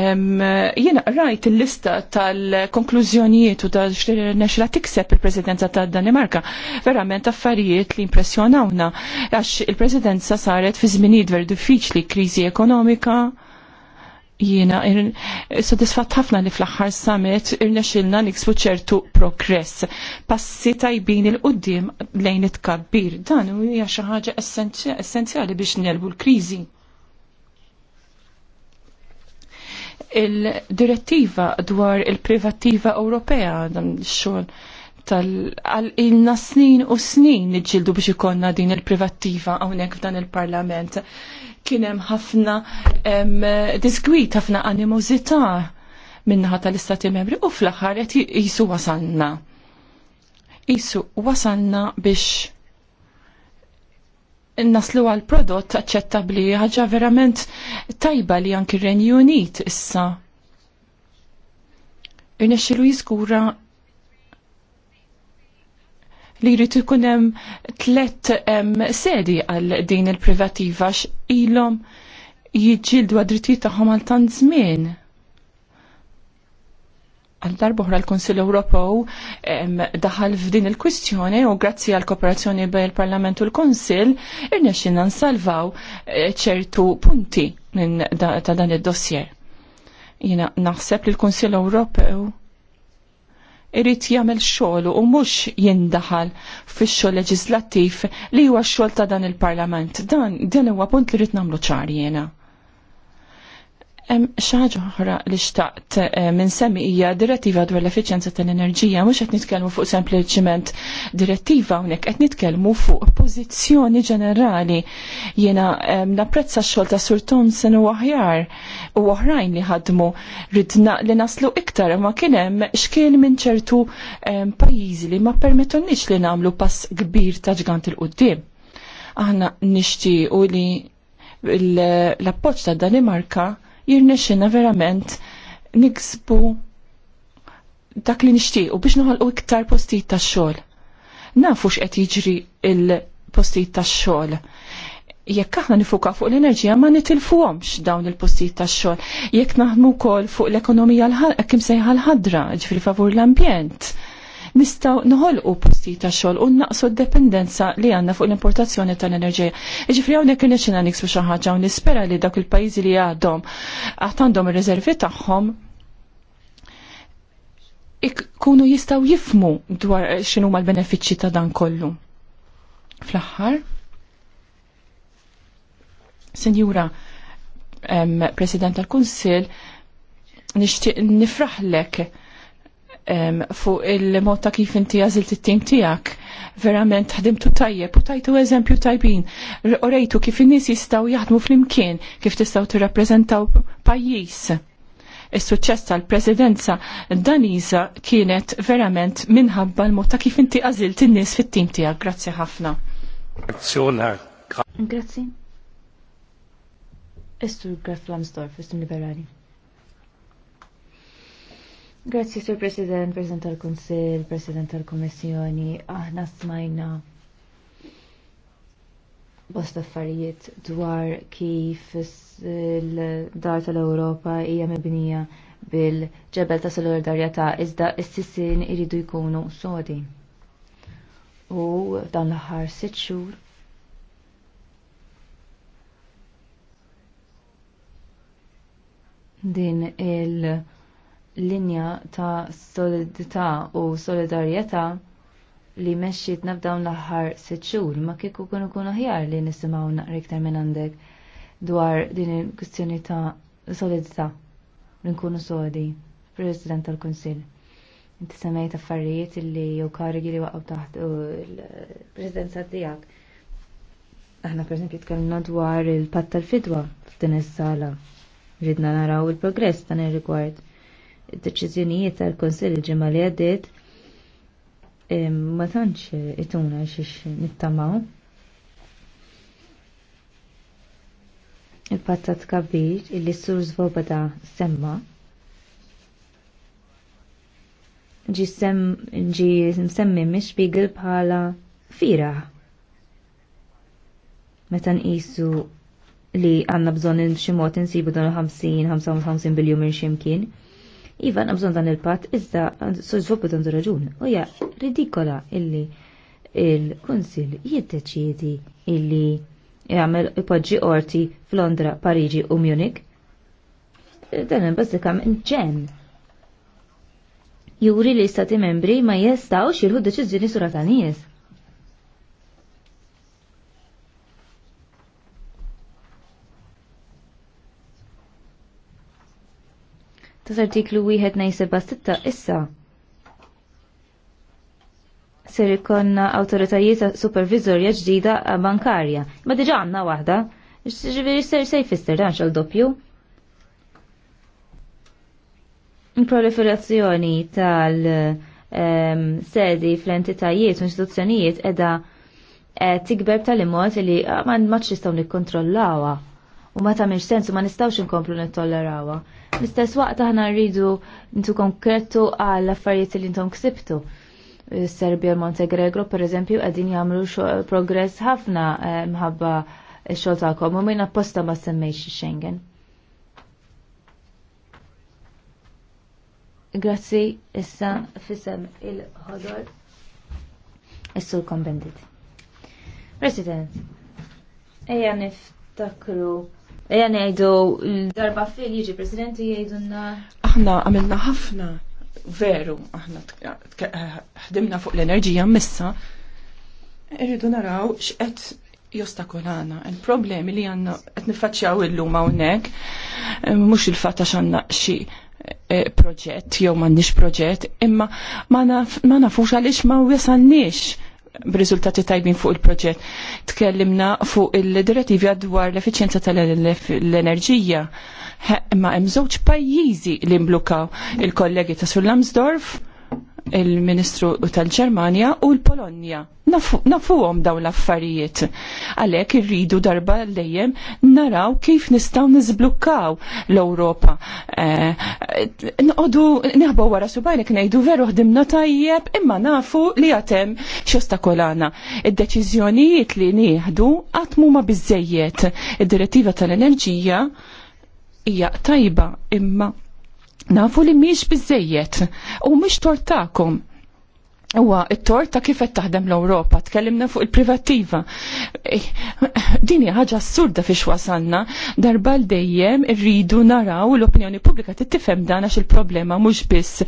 jiena rajt il-lista tal-konklużjonijiet u tal-nexla tikseb il-presidenza tad-Danimarka. Verament affarijiet li impressjonawna għax il-presidenza saret fi żminijiet ver diffiċli kriżi ekonomika, jiena sodisfatt ħafna li fl-aħħar summit irnexilna niksbu ċertu progress. Passi tajbin il-qoddim lejn it-kabbir. Dan hija xi ħaġa essenzjali biex nelbu l-kriżi. il-direttiva dwar il-privattiva Ewropea dan xogħol tal-għalqilna snin u snin niġġildu biex ikonna din il-privattiva hawnhekk f'dan il-Parlament. Kien hemm ħafna diskwit, ħafna animożità minnaħa tal-Istati Membri u fl-aħħar qed jisu wasanna. Isu wasanna biex naslu għal prodott aċċettabbli ħaġa verament tajba li anki Renju Unit issa. Irnexxilu jiskura li jrid ikun hemm tliet sedi għal din il-privativa x'ilhom jiġġieldu għad-drittijiet tagħhom għal tant żmien għal darbohra l-Konsil Ewropew daħal f'din il-kwistjoni u grazzi għal kooperazzjoni bejn il-Parlament u l-Konsil irnexxinna nsalvaw eh, ċertu punti minn ta' dan id-dossier. Jiena naħseb li l-Konsil Ewropew irrit jagħmel xogħol u mhux jindaħal fix-xogħol leġislattiv li huwa x-xogħol ta' dan il-Parlament. Dan dan huwa punt li rrid nagħmlu ċar jiena ħaġa oħra li xtaqt eh, minn semmi hija direttiva dwar l-effiċjenza tal-enerġija, mhux qed nitkellmu fuq sempliċiment direttiva hawnhekk qed nitkellmu fuq pożizzjoni ġenerali. Jiena napprezza x-xogħol ta' Sur Thomson u aħjar u oħrajn li ħadmu ridna li naslu iktar ma kien hemm xkien minn ċertu pajjiżi li ma permettunniex li nagħmlu pass kbir ta' ġgant il-qudiem. Aħna nixtiequ li l-appoġġ ta' Danimarka jirnexina verament niksbu dak li nixtiequ biex noħolqu iktar postijiet tax-xogħol. Nafu x'qed jiġri il-postijiet tax-xogħol. Jekk aħna nifuka fuq l-enerġija ma nitilfuhomx dawn il-postijiet tax-xogħol. Jekk naħdmu wkoll fuq l-ekonomija l kim sejħa l-ħadra, ġifieri favur l-ambjent nistaw nħolqu posti ta' xogħol u naqsu d-dependenza li għandna fuq l-importazzjoni tal-enerġija. Iġifri hawnhekk nixxina niksu xi ħaġa u nispera li dak il-pajjiżi li għadhom għad għandhom ir reservi tagħhom ikunu jistaw jifmu dwar x'inhu l-benefiċċji ta' dan kollu. Fl-aħħar, Senjura President tal-Kunsil, nixtieq nifraħlek fuq il-mod ta' kif inti għażilt it-tim tiegħek. Verament ħdimtu tajjeb u tajtu eżempju tajbin. Orejtu kif in-nies jistgħu jaħdmu flimkien kif tistgħu tirrappreżentaw pajjiż. Is-suċċess tal-presidenza Daniża kienet verament minħabba l-mod ta' kif inti għażilt in-nies fit-tim tiegħek. Grazzi ħafna. Grazzi. Estur Graf Lamsdorf, istur liberali. Grazzi, Sur President, President tal-Konsil, President tal-Kommissjoni. Aħna smajna bosta affarijiet dwar kif il-dar tal-Europa hija mibnija bil-ġebel ta' solidarjetà iżda s-sissin iridu jkunu sodi. U dan l-aħħar sitt xhur din il- linja ta' solidità u solidarjetà li mexxitna f'dawn l-aħħar sitt xhur ma kieku kun ikun aħjar li nisimgħu naqra iktar minn għandek dwar din il-kwistjoni ta' solidità li nkunu sodi, President tal-Kunsill. Inti semmejt affarijiet li jew karigi li waqgħu taħt il-Presidenza tiegħek. Aħna pereżempju tkellimna dwar il-patt tal-fidwa f'din is-sala. Ridna naraw il-progress dan ir-rigward deċiżjonijiet tal konsell il-ġimgħa li għaddiet ma tantx ituna xiex nittamaw. Il-pattat kabir illi sur zvobada semma ġi sem semmi mish bigil bħala fira. Meta nqisu li għanna bżon xi mod insibu dan 50-55 biljum minn ximkien. Iva, nabżon dan il-pat, iżda soġvobu għandu raġun. Uja, ridikola illi il-Kunsil jiddeċiedi illi jgħamil ipoġġi orti f'Londra, Pariġi u Munich. Dan bazzikam ġen. Juri li stati membri ma jistawx jilħu deċiżjoni suratanijes. Tas artiklu 1.7.6 issa ser ikonna autoritajiet supervizorja ġdida bankarja. Ma diġa għanna wahda, ġviri ser sej fister dan xal doppju. Proliferazzjoni tal-sedi ehm, fl-entitajiet u istituzzjonijiet edha eh, tikber tal-imot li ah, ma maċ nistaw kontrollawa u ma tamiex sens u ma nistawx inkomplu nittollerawha. L-istess waqt aħna rridu intu konkretu għal affarijiet li intom ksibtu. Serbia Montegregro per eżempju għedin jagħmlu progress ħafna eh, mħabba x-xogħol tagħkom u min apposta ma semmejx Schengen. Grazzi issa fissem il-ħodor is l kombendit. President, ejja niftakru Eja ngħidu darba fil jiġi presidenti jgħidunna Aħna għamilna ħafna veru, aħna ħdimna fuq l-enerġija missa, irridu naraw x'qed jostakolana. Il-problemi li għanna qed niffaċċjaw illum hawnhekk mhux il-fatt għax għandna xi e, proġett jew m'għandniex proġett, imma ma nafux għaliex ma wesalniex b'riżultati tajbin fuq il-proġett. Tkellimna fuq il-direttivi dwar l-efficienza tal-enerġija. Ma hemm żewġ pajjiżi li mblukaw il-kollegi ta' Sur Lamsdorf il-Ministru tal-Ġermanja u l-Polonja. Nafuhom dawn l-affarijiet. Għalhekk irridu darba lejjem naraw kif nistgħu niżblukkaw l-Ewropa. Eh, Nqogħdu neħbu wara subajlek ngħidu veru ħdimna tajjeb imma nafu li għatem xostakolana. Id-deċiżjonijiet li nieħdu qatt ma biżejjed. Id-direttiva tal-enerġija hija tajba imma nafu li miex bizzejiet u miex tortakom. Uwa, il torta kifet taħdem l-Europa, tkellimna fuq il-privativa. Eh, Dini ħaġa assurda fiex wasanna, darba l-dejjem irridu naraw l-opinjoni pubblika tifem dan għax il-problema mhux biss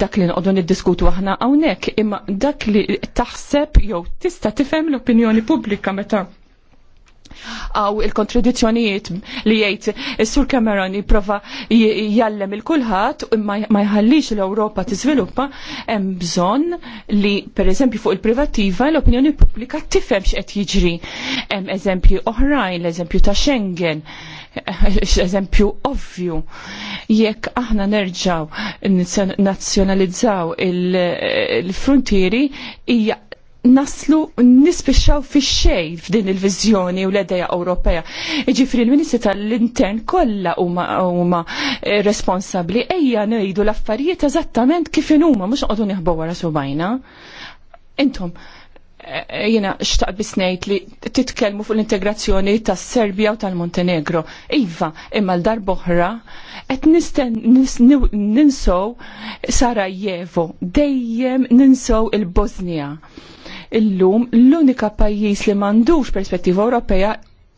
dak li nqogħdu niddiskutu aħna hawnhekk, imma dak li taħseb jew tista' tifhem l-opinjoni pubblika meta għaw il-kontradizzjonijiet li jgħid is-Sur Cameron jipprova jallem il-kulħadd ma jħallix l-Ewropa tiżviluppa hemm bżonn li pereżempju fuq il-privattiva l-opinjoni pubblika tifhem x'qed jiġri. Hemm eżempji oħrajn, l-eżempju ta' Schengen, eh, eżempju ovvju, jekk aħna nerġaw nazzjonalizzaw il-frontieri hija naslu nispixxaw fi xej f'din il-vizjoni u l-edeja Ewropea. Iġifri l-Ministri tal-Intern kollha huma eh, responsabbli ejja ngħidu l-affarijiet eżattament kif huma mhux qogħdu nieħbu wara subajna. Intom, eh, jina xtaq bisnejt li titkelmu fuq l-integrazzjoni tas serbia u tal-Montenegro. Iva, imma l-darboħra, et nisten ninsow Sarajevo, dejjem ninsow il-Bosnia. Illum l-unika pajjiż li m'għandux perspettiva Ewropea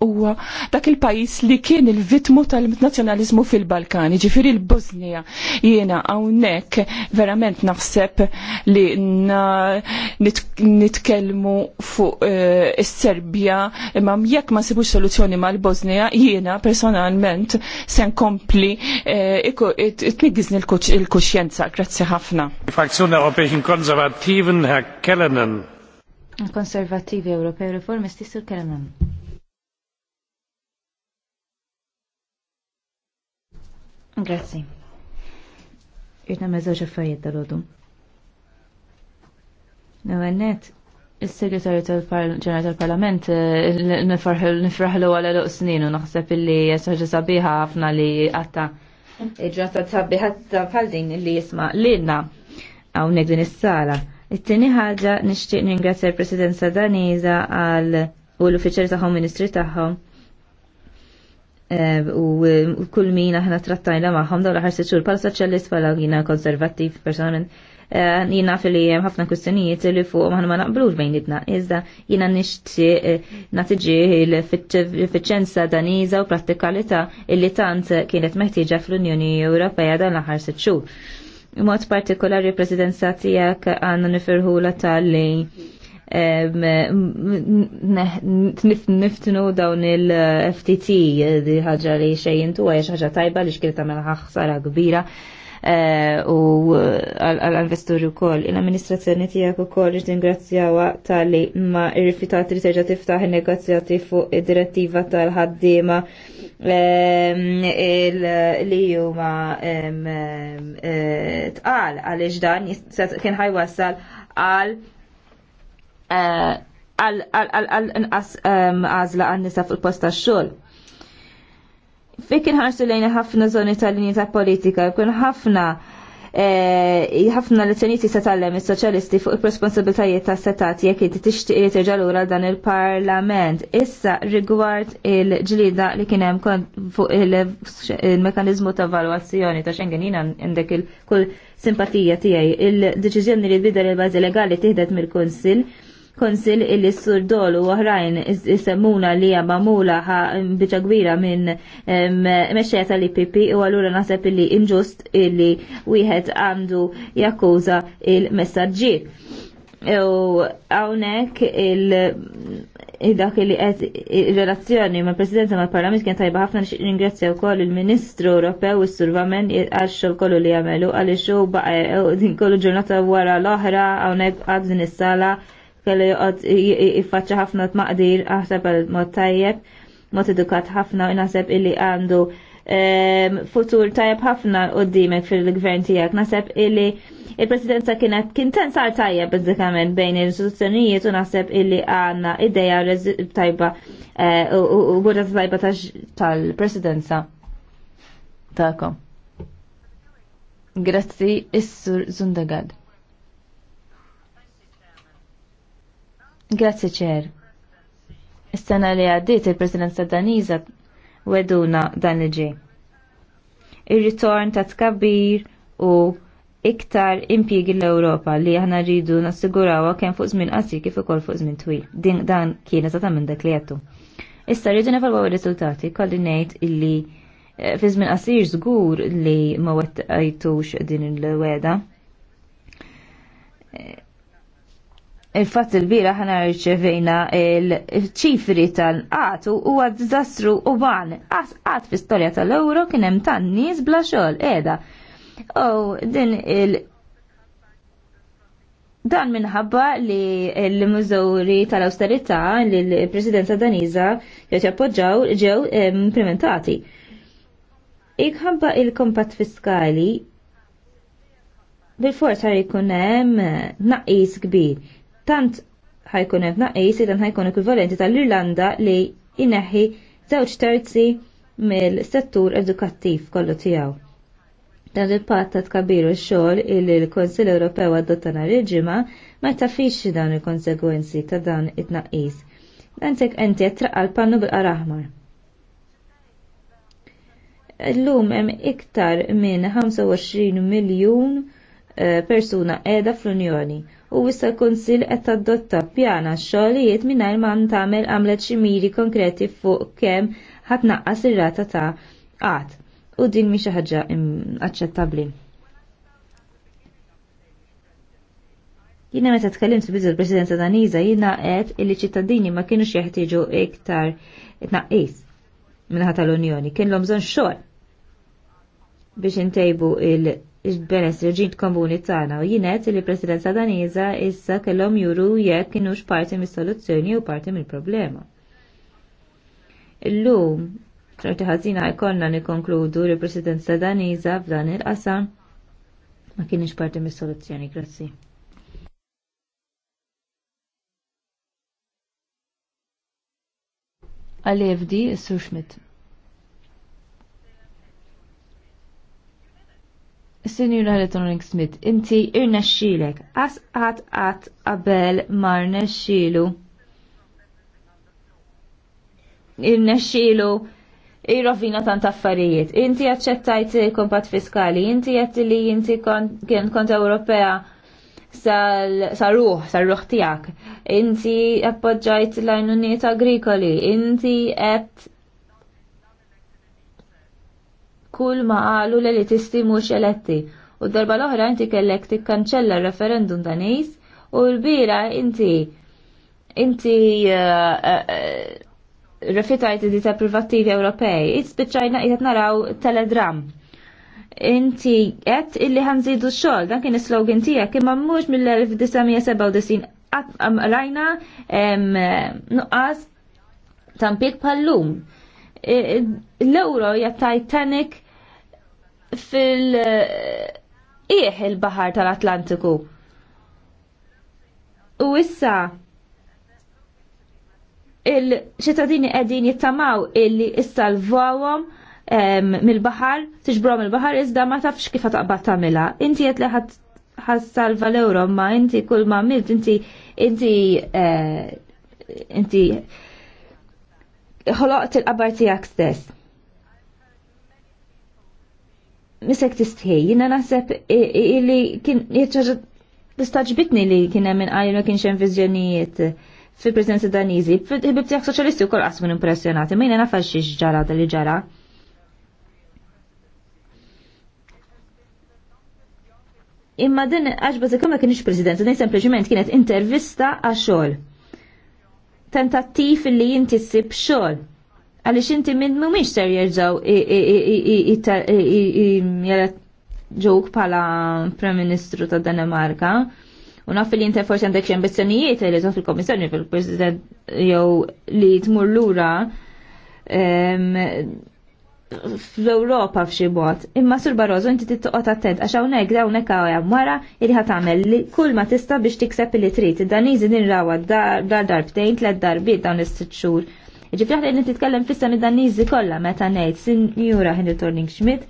huwa dak il pajjiż li kien il-vitmu tal nazzjonaliżmu fil-Balkani, ġifieri l-Bosnija. Jiena hawnhekk verament naħseb li nitkellmu fuq eh, is-Serbja imma jekk ma sibux soluzzjoni mal-Bosnija, jiena personalment se nkompli eh, tniggiżni l-kuxjenza. Grazzi ħafna. Konservativen, Herr Kellenen konservativi Ewropej Reformisti Sir Kelman. Grazzi. Jirna mezzoġ affarijiet dal-ħodu. Nawennet, il-segretarju tal-ġenerali tal-parlament eh, nifraħlu għal l snin u naħseb illi jesħġa sabiħa ħafna li għatta ġrata sabiħa bħal din li jisma' lilna hawnhekk din is-sala. It-tieni ħaġa nixtieq ningrazzja l-Presidenza Daniża għal u l-uffiċjali tagħhom ministri tagħhom eh, u kull min aħna trattajna magħhom dawn l-aħħar sitt xhur bħala soċjalist bħala jiena konservattiv personalment eh, jina fil-li ħafna kustenijiet li fuq aħna ma naqblux bejnietna. Iżda jina nixtieq eh, natiġi l-efficienza daniza u prattikalità illi tant kienet meħtieġa fl-Unjoni Ewropea dan l-aħħar sitt xhur mod partikolari presidenza tijak għanna nifirħula tal-li niftnu dawn il-FTT di ħagġa li xejn tu għax ħagġa tajba li xkil tamel ħaxsara kbira eh, u għal-investuri u koll. Il-amministrazzjoni tijak u koll ringrazzjawa tal-li ma irrifitat li terġa tiftaħ il-negozjati fuq id-direttiva tal-ħaddima Ehm, li huma ehm, ehm, tqal għaliex dan kien wassal eh, għal għal inqas għażla għan-nisa fil posta tax-xogħol. Fi kien ħarsu lejn ħafna żoni tal-linja ta' politika, kien ħafna Eh, ħafna lezzjonijiet jista' tallem is-soċjalisti fuq il responsabiltajiet ta' setat jekk inti tixtieq terġa' lura dan il-Parlament. Issa rigward il-ġlida li kien hemm fuq il-mekanizmu ta' valuazzjoni ta' Schengen jina għandek il-kull simpatija tiegħi. il deċizjoni li bidel il-bażi legali t-ihdet mill-Kunsill konsil illi s-surdolu uħrajn jisemmuna li hija mamula mm, bieċa gbira minn meċċeja tal-IPP u għallura naħseb illi inġust illi wieħed għandu jakkuża il-messagġi. U għawnek il- dak li qed il relazzjoni mal presidenza mal parlament kien tajba ħafna ringrazzja wkoll il-Ministru u is survamen għax kollu li jagħmelu għaliex hu eh, din kollu ġurnata wara l-oħra hawnhekk għad din is-sala kelli joqgħod jiffaċċa ħafna tmaqdir aħseb għal mod tajjeb, mod edukat ħafna u naħseb illi għandu ehm, futur tajjeb ħafna qoddimek fil-gvern tiegħek. Naħseb illi il-presidenza kienet kien sar tajjeb bażikament bejn il-istituzzjonijiet u naħseb illi għandna ideja tajba eh, u gurra tajba tal-presidenza tagħkom. Grazzi, Issur Zundagad. Grazzi ċer. Is-sena li għaddiet il-Presidenza Daniża weduna dan li ġej. Ir-ritorn ta' tkabbir u iktar impjiegi l-Ewropa li aħna rridu nassigurawha kemm fuq żmien qasir kif ukoll fuq żmien twil. Din dan kien eżattament dak li għattu. Issa rridu nevalwaw ir-riżultati, kolli ngħid illi eh, fi żmien qasir żgur li ma wettqajtux din il-weda. Eh, il il-bira ħana rċevejna il-ċifri tal-qatu u għad-dizastru uban. Għad fi storja tal-euro kien hemm tan nies bla xogħol qiegħda. U din il- Dan minħabba li l-mużuri tal-austerità li l-presidenza Daniza jgħat jappoġġaw ġew implementati. Ikħabba il-kompat fiskali bil-forza jkun hemm naqis kbir tant ħajkun hemm naqis idan ħajkun ekwivalenti tal-Irlanda li jneħħi żewġ terzi mill-settur edukattiv kollu tiegħu. Dan il-patt ta' tkabiru x-xogħol li l konsill Ewropew adotta nhar il-ġimgħa ma tafix dan il-konsegwenzi ta' dan it-tnaqqis. Dan sek enti qed traqal pannu bil qaraħmar Illum hemm iktar minn 25 miljun eh, persuna qiegħda fl-Unjoni u issa l-Kunsill qed tadotta pjana x-xogħlijiet mingħajr ma tagħmel għamlet xi miri konkreti fuq kemm naqqas ir-rata ta' qatt u din mhi xi ħaġa aċċettabbli. Jiena meta tkellimt biżu l-Presidenza Daniża jiena qed illi ċittadini ma kienux jeħtieġu iktar tnaqqis minħata tal-Unjoni, kien l omżon bżonn xogħol biex intejbu il- il-beres reġint komuni tagħna u jinet li presidenza Daniża issa kellhom juru jekk kienux parti mis-soluzzjoni u parti mill-problema. Illum, ċerti ħażina jkollna nikkonkludu li presidenza Daniża f'dan il-qasam ma kienix parti mis-soluzzjoni, grazzi. jifdi, s Sur Sinjura Electronic Smith, inti irna xilek, as għat għat qabel marna xilu. Irna xilu irrovina tant affarijiet. Inti għacċettajt kompat fiskali, inti għat li inti kien kont Ewropea sal-ruħ, sal-ruħ tijak. Inti appoġġajt l-ajnuniet agrikoli, inti għat kull ma qalu l-elitisti mhux eletti u darba l-oħra inti kellek tikkanċella r-referendum danis u l-bira inti inti uh, uh, rifitajt id ta' privattivi Ewropej, ispiċajna jgħet naraw teledram. Inti għet illi ħanżidu xol, dan kien slogan tijak, imma mux mill-1997 rajna nuqqas tampik pallum. E, e, l-euro jgħat Titanic fil- eh, ieħ il-bahar tal-Atlantiku. U issa il-ċittadini qegħdin jittamaw illi issalvawhom mill-bahar, tiġbrom il-bahar iżda ma tafx kif taqbad tagħmilha. Inti qed li ħassalva l-euro ma inti kull ma milt inti inti eh, inti ħoloqt il-qabar tiegħek stess misek tistħej, jina naħseb illi kien jieċaġa bistaġbitni li kien hemm inqajjem ma kienx hemm viżjonijiet fil-preżenza Daniżi. Ħibib tiegħek soċjalisti wkoll qas minn impressjonati, ma jiena nafal xi ġara li ġara. Imma din għax bażikom ma kienx preżidenza, din sempliċiment kienet intervista għax xogħol. Tentattiv li jinti ssib xogħol għaliex inti minn mhumiex ser jerġgħu ġewk bħala Prem Ministru ta' Danimarka. U naf li jinti forse għandek xi ambizzjonijiet li tof fil komissjoni fil-President jew li tmur lura fl-Europa f'xi mod. Imma Sur Barroso inti tittoqgħod attent għax hawnhekk hawnhekk hawn wara li ħatamel li kull ma tista' biex tikseb li trid. Id-Daniżi din rawa dar darbtejn tliet darbiet dawn is-sitt xhur Ġifri għedni t-tkellem fissa mid-Danniżi kollha meta ngħid Sinjura Henry Turning Schmidt.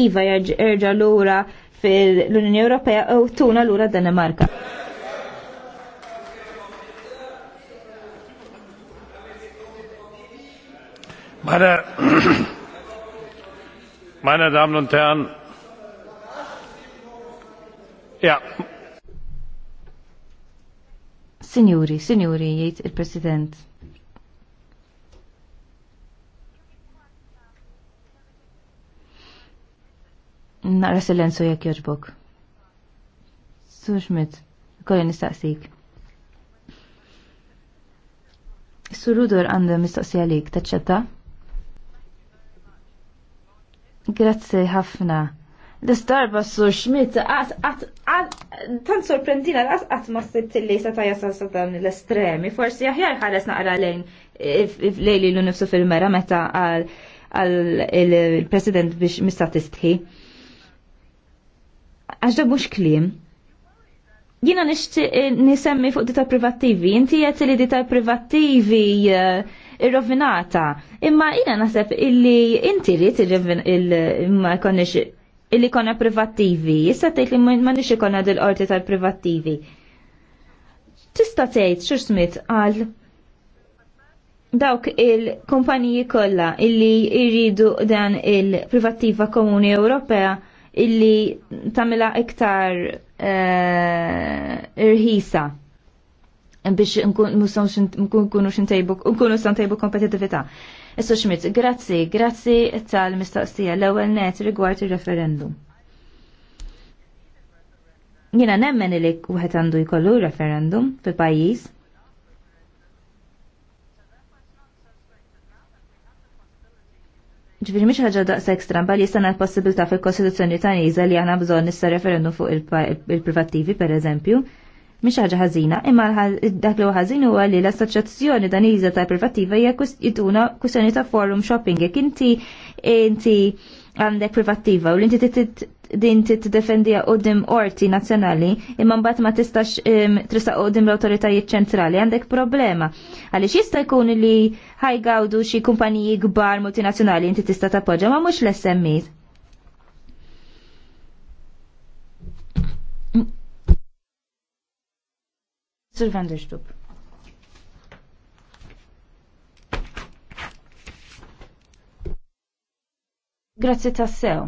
Iva jerġa' lura fil-Unjoni Ewropea u tuna lura Danimarka. Mana mana Damen und Herren, ja. Signori, signori, jgħid il-President. Naqra silenzu jekk joġbok. Sur Schmidt, kolli nistaqsik. Surudur għandu mistoqsija lik, taċċetta? Grazzi ħafna. l għat, Sur Schmidt, tan sorprendina għat, għat ma s-sibt li sata jasal satan l-estremi, forsi aħjar ħares naqra lejn lejli l-nifsu fil-mera meta għal il-president biex mistatistħi għax da mhux kliem. Jiena eh, nisemmi fuq dita privattivi, inti qed li dita privattivi eh, irrovinata, imma jina naħseb illi inti rrid il-imma konnex illi konna privattivi, jissa tgħid li ma nix konna dil-qorti tal-privattivi. Tista' tgħid xur smit għal dawk il-kumpaniji kollha illi jridu dan il-privattiva komuni Ewropea illi tamila iktar eh, irħisa biex nkunu xintejbu kompetitivita. Esso Schmidt, grazzi, grazzi tal-mistaqsija l-ewel net rigward il-referendum. Jina nemmen li wieħed għandu jkollu referendum fil-pajjiż, ġifiri miex ħagġa daqs ekstra, bħal jistana l-possibilta fil-Kostituzzjoni ta' Niza li għana bżon nista referendum fuq il-privattivi, per eżempju, miex ħagġa ħazina, imma dak li ħazin huwa li l-Assoċjazzjoni ta' Niza ta' privattiva hija jituna kwistjoni ta' forum shopping, jek inti inti għandek privattiva u l-inti din t-defendija qudiem orti nazzjonali imma mbagħad ma tistax trista' qudiem l-awtoritajiet ċentrali għandek problema. Għaliex jista' jkun li ħajgawdu xi kumpaniji kbar multinazzjonali inti tista' tappoġġa ma mhux l-SMEs. Sir Van der Grazzi tassew.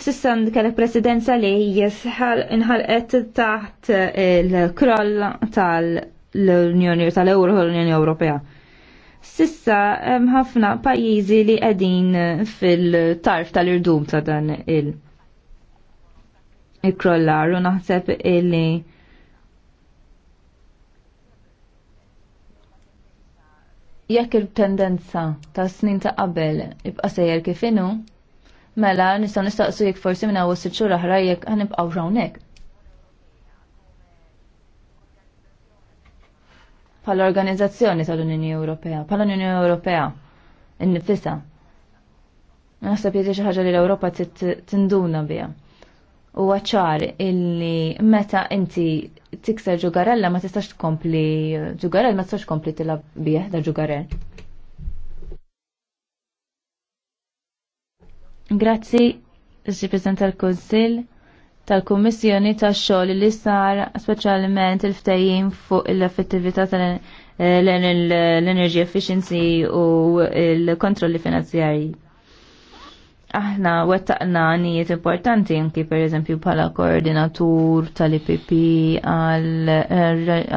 sissan kellek presidenza li inħalqet taħt eh, il-kroll tal-Unjoni tal-Euro l-Unjoni Ewropea. Sissa hemm ħafna pajjiżi li qegħdin fil-tarf tal-irdum ta' dan il- il u naħseb illi jekk il-tendenza ta' snin ta' qabel ibqa' sejjer kif inhu, Mela, nistgħu nistaqsu jekk forsi minn għaw s-sitxu raħra jekk għanibqaw hawnhekk. pal organizzazzjoni tal-Unjoni Ewropea, pal Unjoni Ewropea, innifisa. Naħseb jiġi xi ħaġa li l-Ewropa tinduna biha. U għacċar illi meta inti tikser ġugarella ma tistax tkompli ġugarella ma tistax tkompli tilab bieħ da ġugarella. Grazzi, Reprezentant tal-Konsil, tal-Kommissjoni tax-xogħol li sar speċjalment il-ftehim fuq l-effettività tal-energy efficiency u l-kontrolli finanzjarji. Aħna wettaqna nijiet importanti anki per eżempju bħala koordinatur tal-IPP għal eh,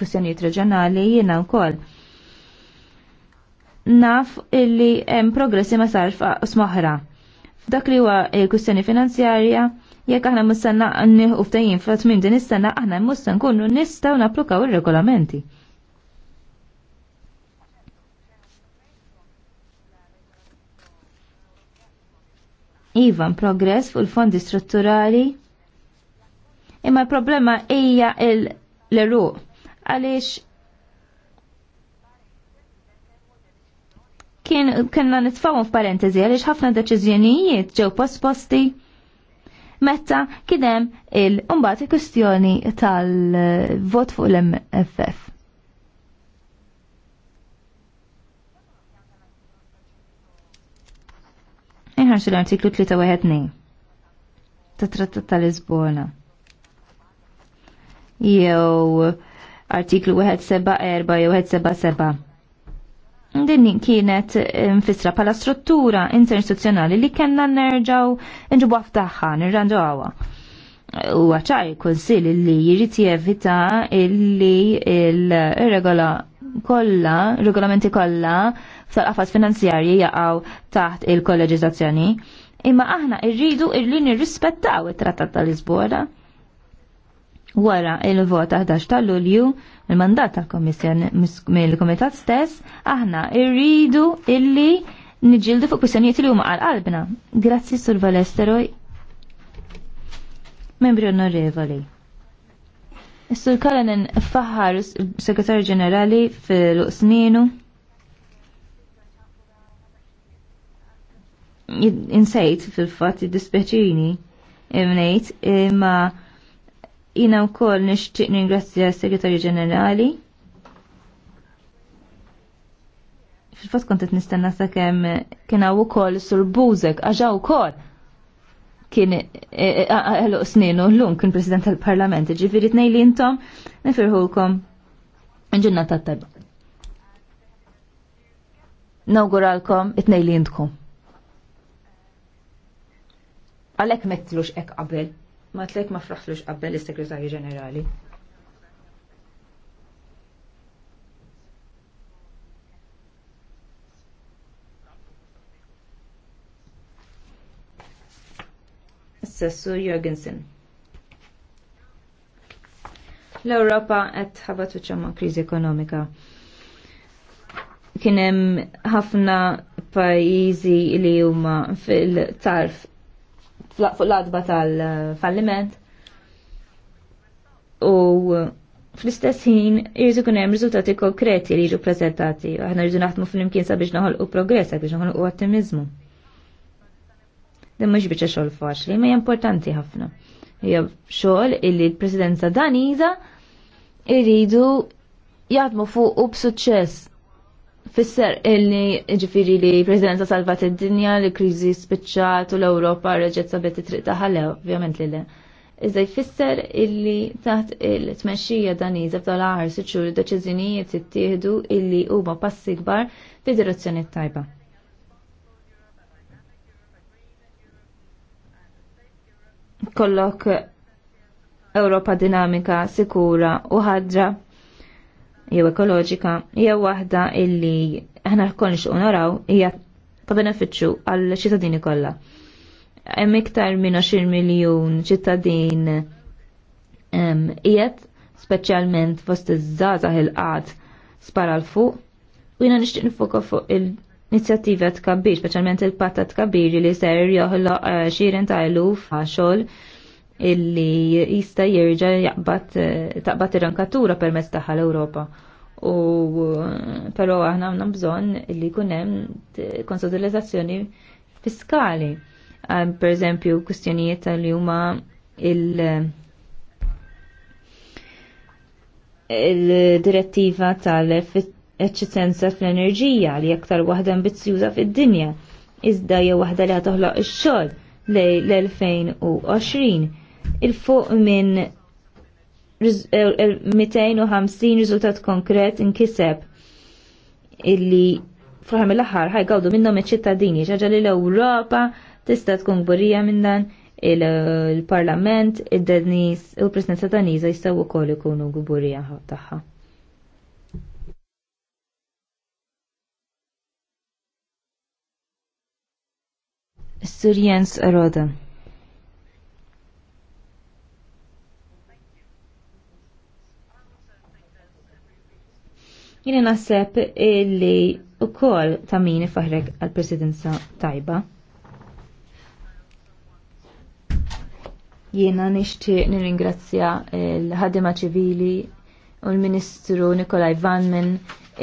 kwistjonijiet reġjonali jiena wkoll naf illi hemm progressi ma sarf smoħra. F'dak li huwa eh, kwistjoni finanzjarja, jekk aħna mistenna nieħu ftehim fat minn din is-sena aħna musta nkunu nistgħu napplukaw ir-regolamenti. Ivan progress fuq il-fondi strutturali. Imma l-problema hija l-eruq għaliex kien kena nitfawon f'parentesi għaliex ħafna deċiżjonijiet ġew posposti metta kidem il-umbati kustjoni tal-vot fuq l-MFF. Iħarx l-artiklu 312 ta' trattat tal-Lisbona. Jew artiklu 174 jew 177 din kienet mfisra pala struttura interinstituzzjonali li kena nerġaw nġibu għaftaħħa nirrandu għawa. U għacħar konsil li jirrit jevita illi il-regola kolla, regolamenti kolla f'tal-qafas finanzjarji jaqaw taħt il-kolleġizazzjoni. Imma aħna irridu irli nirrispettaw it-trattat tal-Lisbona Wara il-vot 11 ta' Lulju, il-mandat mill-Komitat stess, aħna irridu illi niġildu fuq kwistjonijiet li huma għal qalbna. Grazzi Sur Valesteroj. Membri onorevoli. Sur Kalanen Fahar, segretarju ġenerali fil-Uqsninu. Insejt fil-fat id-dispeċini imnejt imma Jina wkoll nixtieq ningrazzja s-Segretarju Ġenerali. Fil-fatt kont qed nistenna sakemm kien hawn ukoll sur Buzek u wkoll kien e, e, għallu sninu l-lum kien president tal-parlament, ġifiri t-nejli intom, nifirħulkom ġunna ta' tab. Nauguralkom it-nejli intkom. Għalek mettlux ek qabel ma tlek ma fraħflux qabbel is-Segretarju Ġenerali. Sessu Jorgensen. L-Europa qed ħabat ma' kriżi ekonomika. Kien hemm ħafna pajjiżi li huma fil-tarf fuq l-adba tal-falliment u uh, fl-istess ħin irridu kunem hemm riżultati konkreti li jiġu prezentati. u aħna rridu naħdmu fl-imkien sabiex noħolqu progress biex noħolqu ottimiżmu. Dan mhux biċċa xogħol faċli, ma importanti ħafna. Hija xogħol illi l-Presidenza Daniża irridu jaħdmu fuq u b'suċċess Fisser illi ġifiri li prezidenza salvat id-dinja li kriżi spiċċat u l-Ewropa reġgħet sabet it-triq taħalew, ovvjament li le. Iżda jfisser illi taħt il-tmexxija daniża f'dal aħar sitt xhur deċiżjonijiet ittieħdu illi huma passi kbar fi direzzjoni tajba. Kollok Ewropa dinamika, sikura u ħadra jew ekoloġika jew waħda illi aħna kol nixtieq naraw hija ta' benefiċċju għal ċittadini kollha. Hemm iktar minn 20 miljun ċittadin qiegħed speċjalment fost iż-żgħażagħ il-qad spara l fuq u jiena nixtieq nifoka fuq il-inizjattiva tkabbir, speċjalment il-patta tkabbir li ser joħloq eh, xiren ta' eluf għaxol xogħol illi jista jirġa jaqbat taqbat ir-rankatura permezz taħħa l-Ewropa. U però aħna għandna bżonn li jkun hemm fiskali. Per eżempju, kustjonijiet li huma il- il-direttiva tal-efficienza fl-enerġija li aktar waħda ambizzjuża fid-dinja iżda hija waħda li toħloq ix-xogħol l-2020 il-fuq minn 250 riżultat konkret inkiseb illi fraħem l ħaj ħajgawdu minnhom iċ-ċittadini ġaġa li l-Ewropa tista' tkun gburija minn dan il-Parlament, id dednis u l-Presidenza jistaw jistgħu wkoll ikunu gburija tagħha. Surjens Roda. Jina nasib li u kol ta' min faħrek għal-presidenza tajba. Jena nishti nir-ingrazzja l-ħadima ċivili u l-Ministru Nikolaj Vanmen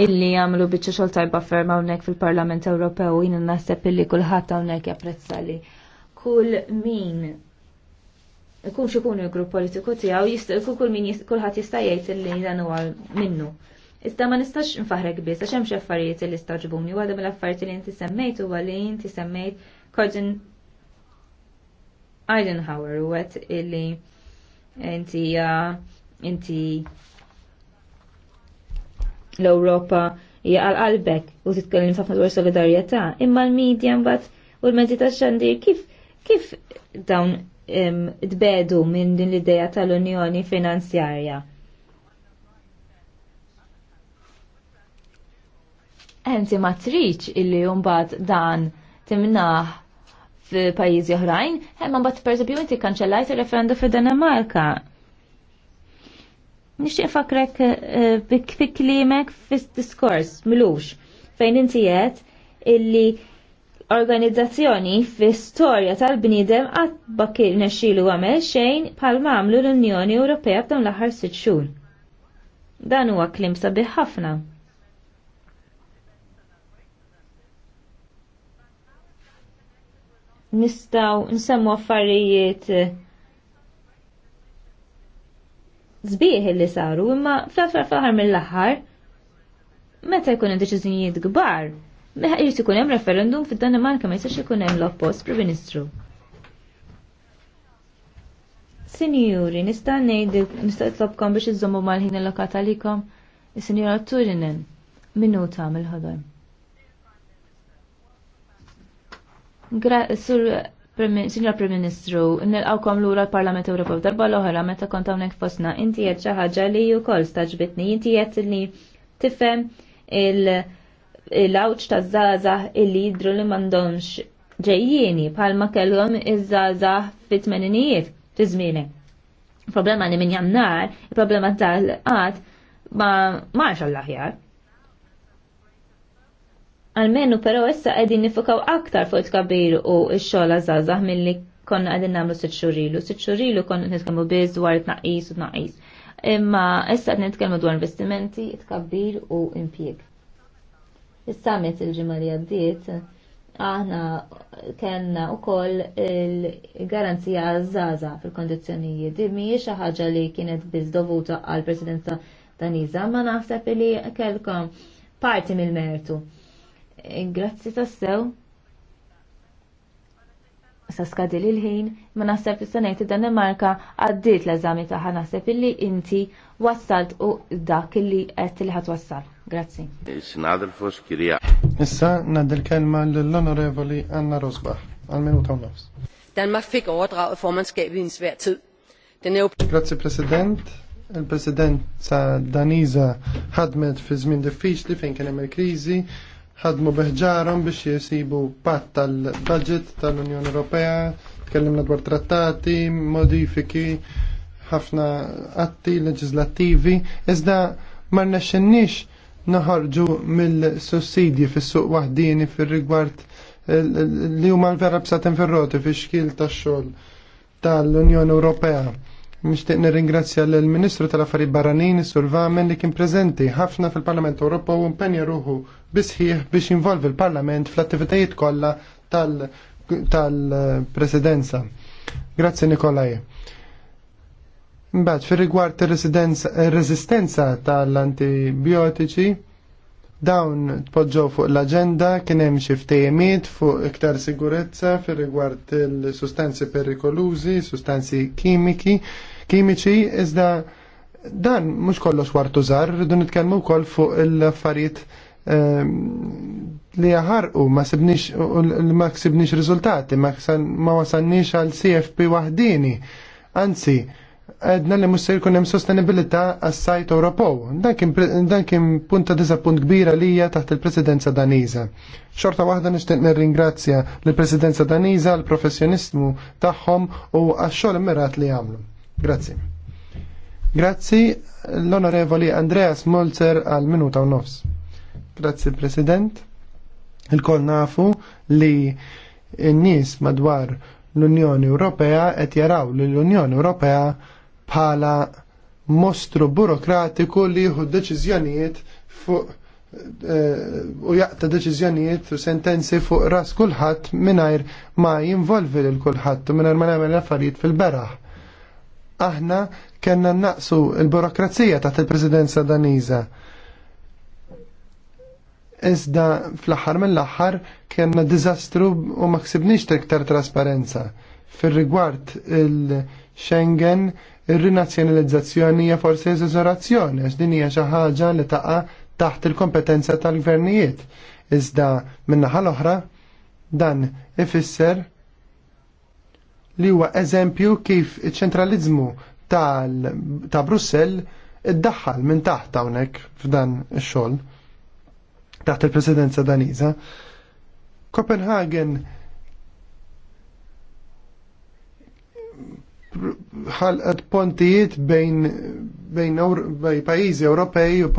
illi għamlu bieċa xol tajba ferma unnek fil-Parlament Ewropew jina nasib illi kullħat unnek japprezza li kull min ikun xikunu il-grupp politiku tijaw kull min kullħat jista' jgħid illi dan huwa minnu Iżda ma nistax nfaħrek biss għax hemm xi affarijiet li staġbuni waħda mill-affarijiet li inti semmejt huwa li inti semmejt Cordon Eisenhower u għet illi inti inti l-Ewropa hija għal-qalbek u titkellim ħafna dwar solidarjetà, imma l-medja mbagħad u l-mezzi tax-xandir kif kif dawn tbedu minn din l-idea tal-Unjoni Finanzjarja? enti ma triċ illi jumbat dan timnaħ f'pajjiżi oħrajn, imma mbagħad pereżempju inti kanċellajt ir referendu fid-Danimarka. Nixtieq fakrek eh, fi klimek fis-diskors milux fejn inti qed illi organizzazzjoni fi storja tal-bniedem għat bakir nesċilu għamel xejn bħal mamlu l-Unjoni Ewropea f'dawn l-aħħar sitt xhur. Dan huwa klim sabiħ ħafna. nistaw nsemmu affarijiet eh, zbieħ li saru, imma fl-affar faħar mill-aħħar, meta jkun hemm deċiżjonijiet kbar, meħa jrid ikun hemm referendum fid-Danimarka ma jistax ikun hemm l-oppost Prim Ministru. Sinjuri, nista' ngħidlek, nista' tlobkom biex iżommu mal-ħin allokat għalikom is-Sinjura Turinen minuta mill-ħodor. Sur Signor Prim Ministru, nilqawkom lura l-Parlament Ewropew darba l-oħra meta kont hawnhekk fosna inti qed xi ħaġa li wkoll staġbitni, inti qed li tifhem il-awċ taż-żgħażagħ illi jidru li m'għandhomx ġejjieni bħalma kellhom iż-żgħażagħ fit-tmeninijiet fi żmieni. Problema li minn jannar, il-problema tal-qatt ma marx l-aħjar. Almenu però issa qegħdin nifukaw aktar fuq il kabir u x-xogħol żgħażagħ milli konna qegħdin nagħmlu sitt xurilu. Sitt xurilu konna nitkellmu biss dwar it-tnaqqis u tnaqqis. Imma issa qed nitkellmu dwar investimenti, it kabir u impjieg. Is-summit il-ġimgħa li għaddiet aħna kellna wkoll il-garanzija żgħażagħ fil-kondizzjonijiet. Dimmi xi ħaġa li kienet biz dovuta għall presidenza Danisa ma naħseb li kelkom parti mill-mertu Eh, grazzi sew Sa skadil il ħin ma naħseb il-sanajti Danimarka għaddit l-eżami ħana sef illi inti wassalt u dak illi għet li ħat wassal. Grazzi. Sinadr fos kirja. Issa naddil kelma l-onorevoli Anna Rosbach, għal-minuta u nofs. Danmark fik overdraget formandskabet i en svær tid. Er Grazie President. Il-President sa Daniza ħadmet fi żmien diffiċli fejn kien hemm il-kriżi ħadmu beħġarhom biex jisibu patt tal-budget tal-Unjoni Ewropea, tkellimna dwar trattati, modifiki, ħafna atti leġislattivi, iżda ma rnexxinniex naħarġu mill-sussidji fis-suq waħdini fir-rigward li huma l-vera b'satem fir-roti fix-xkil tax-xogħol tal-Unjoni Ewropea. Nixtieq nirringrazzja lill ministru tal-Affarijiet Barranin, Sur Vamen, li kien prezenti ħafna fil-Parlament Ewropa u mpenja ruħu bisħiħ biex involvi l-Parlament fl-attivitajiet kollha tal-Presidenza. Grazzi Nikolaj. Mbagħad fir rigward ir-resistenza tal-antibiotiċi, Dawn tpoġġew fuq l-aġenda kien hemm xi ftehimiet fuq iktar sigurezza fir rigward il-sustanzi perikolużi, sustanzi kimiki, kimiċi, iżda dan mhux kollox wart użar, rridu nitkellmu wkoll fuq l-affarijiet ehm, li jaħarqu ma sibniex ma ksibniex riżultati, ma wasalniex għal CFP waħdini. Anzi, għedna li mussir kunem sostenibilita għas-sajt Ewropew. Dan kien punta punt kbira lija taħt il-presidenza daniza. Xorta waħda nishtiq nirringrazzja l-presidenza daniza, l-professjonismu tagħhom u għax-xogħol immirat li għamlu. Grazzi. Grazzi l-onorevoli Andreas Molzer għal minuta u nofs. Grazzi President. Il-kol nafu li n-nies madwar l-Unjoni Ewropea qed jaraw li l-Unjoni Ewropea bħala mostru burokratiku li jieħu deċiżjonijiet fuq eh, u jaqta deċiżjonijiet u sentenzi fuq ras kulħadd mingħajr ma jinvolvi lil kulħadd u mingħajr ma nagħmel affarijiet fil-beraħ. Aħna kellna naqsu l-burokrazija taħt il-Presidenza Daniża. Iżda fl-aħħar mill-aħħar kena diżastru u ma ksibniex iktar trasparenza fir-rigward il-Schengen Ir-rinazzjonalizzazzjoni hija forsi eżorazzjoni, għax din hija xi ħaġa li taqa' taħt il-kompetenza tal-gvernijiet. Iżda min-naħa l-oħra dan ifisser li huwa eżempju kif iċ-ċentraliżmu ta' Brussell iddaħħal minn taħt hawnhekk f'dan ix-xogħol taħt il-presidenza Daniża. Copenhagen ħalqet pontijiet bejn bejn pajjiżi Ewropej u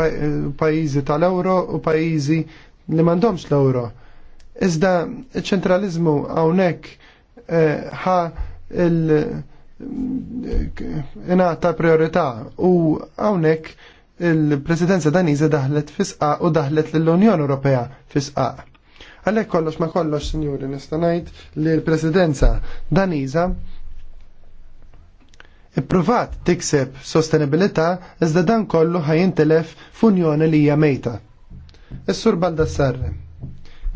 pajjiżi tal-Euro u pajjiżi li m'għandhomx l-Euro. Iżda ċ-ċentraliżmu hawnhekk eh, ħa il ta' priorità u hawnhekk il-presidenza daniża daħlet fisqa u daħlet l-Unjoni Ewropea fisqa. Għalhekk kollox ma kollox, Sinjuri, nista' ngħid li l-presidenza daniża Ipprovat tikseb sostenibilità iżda dan kollu ħajintelef f'unjoni li hija mejta. Is-Sur Baldassarre.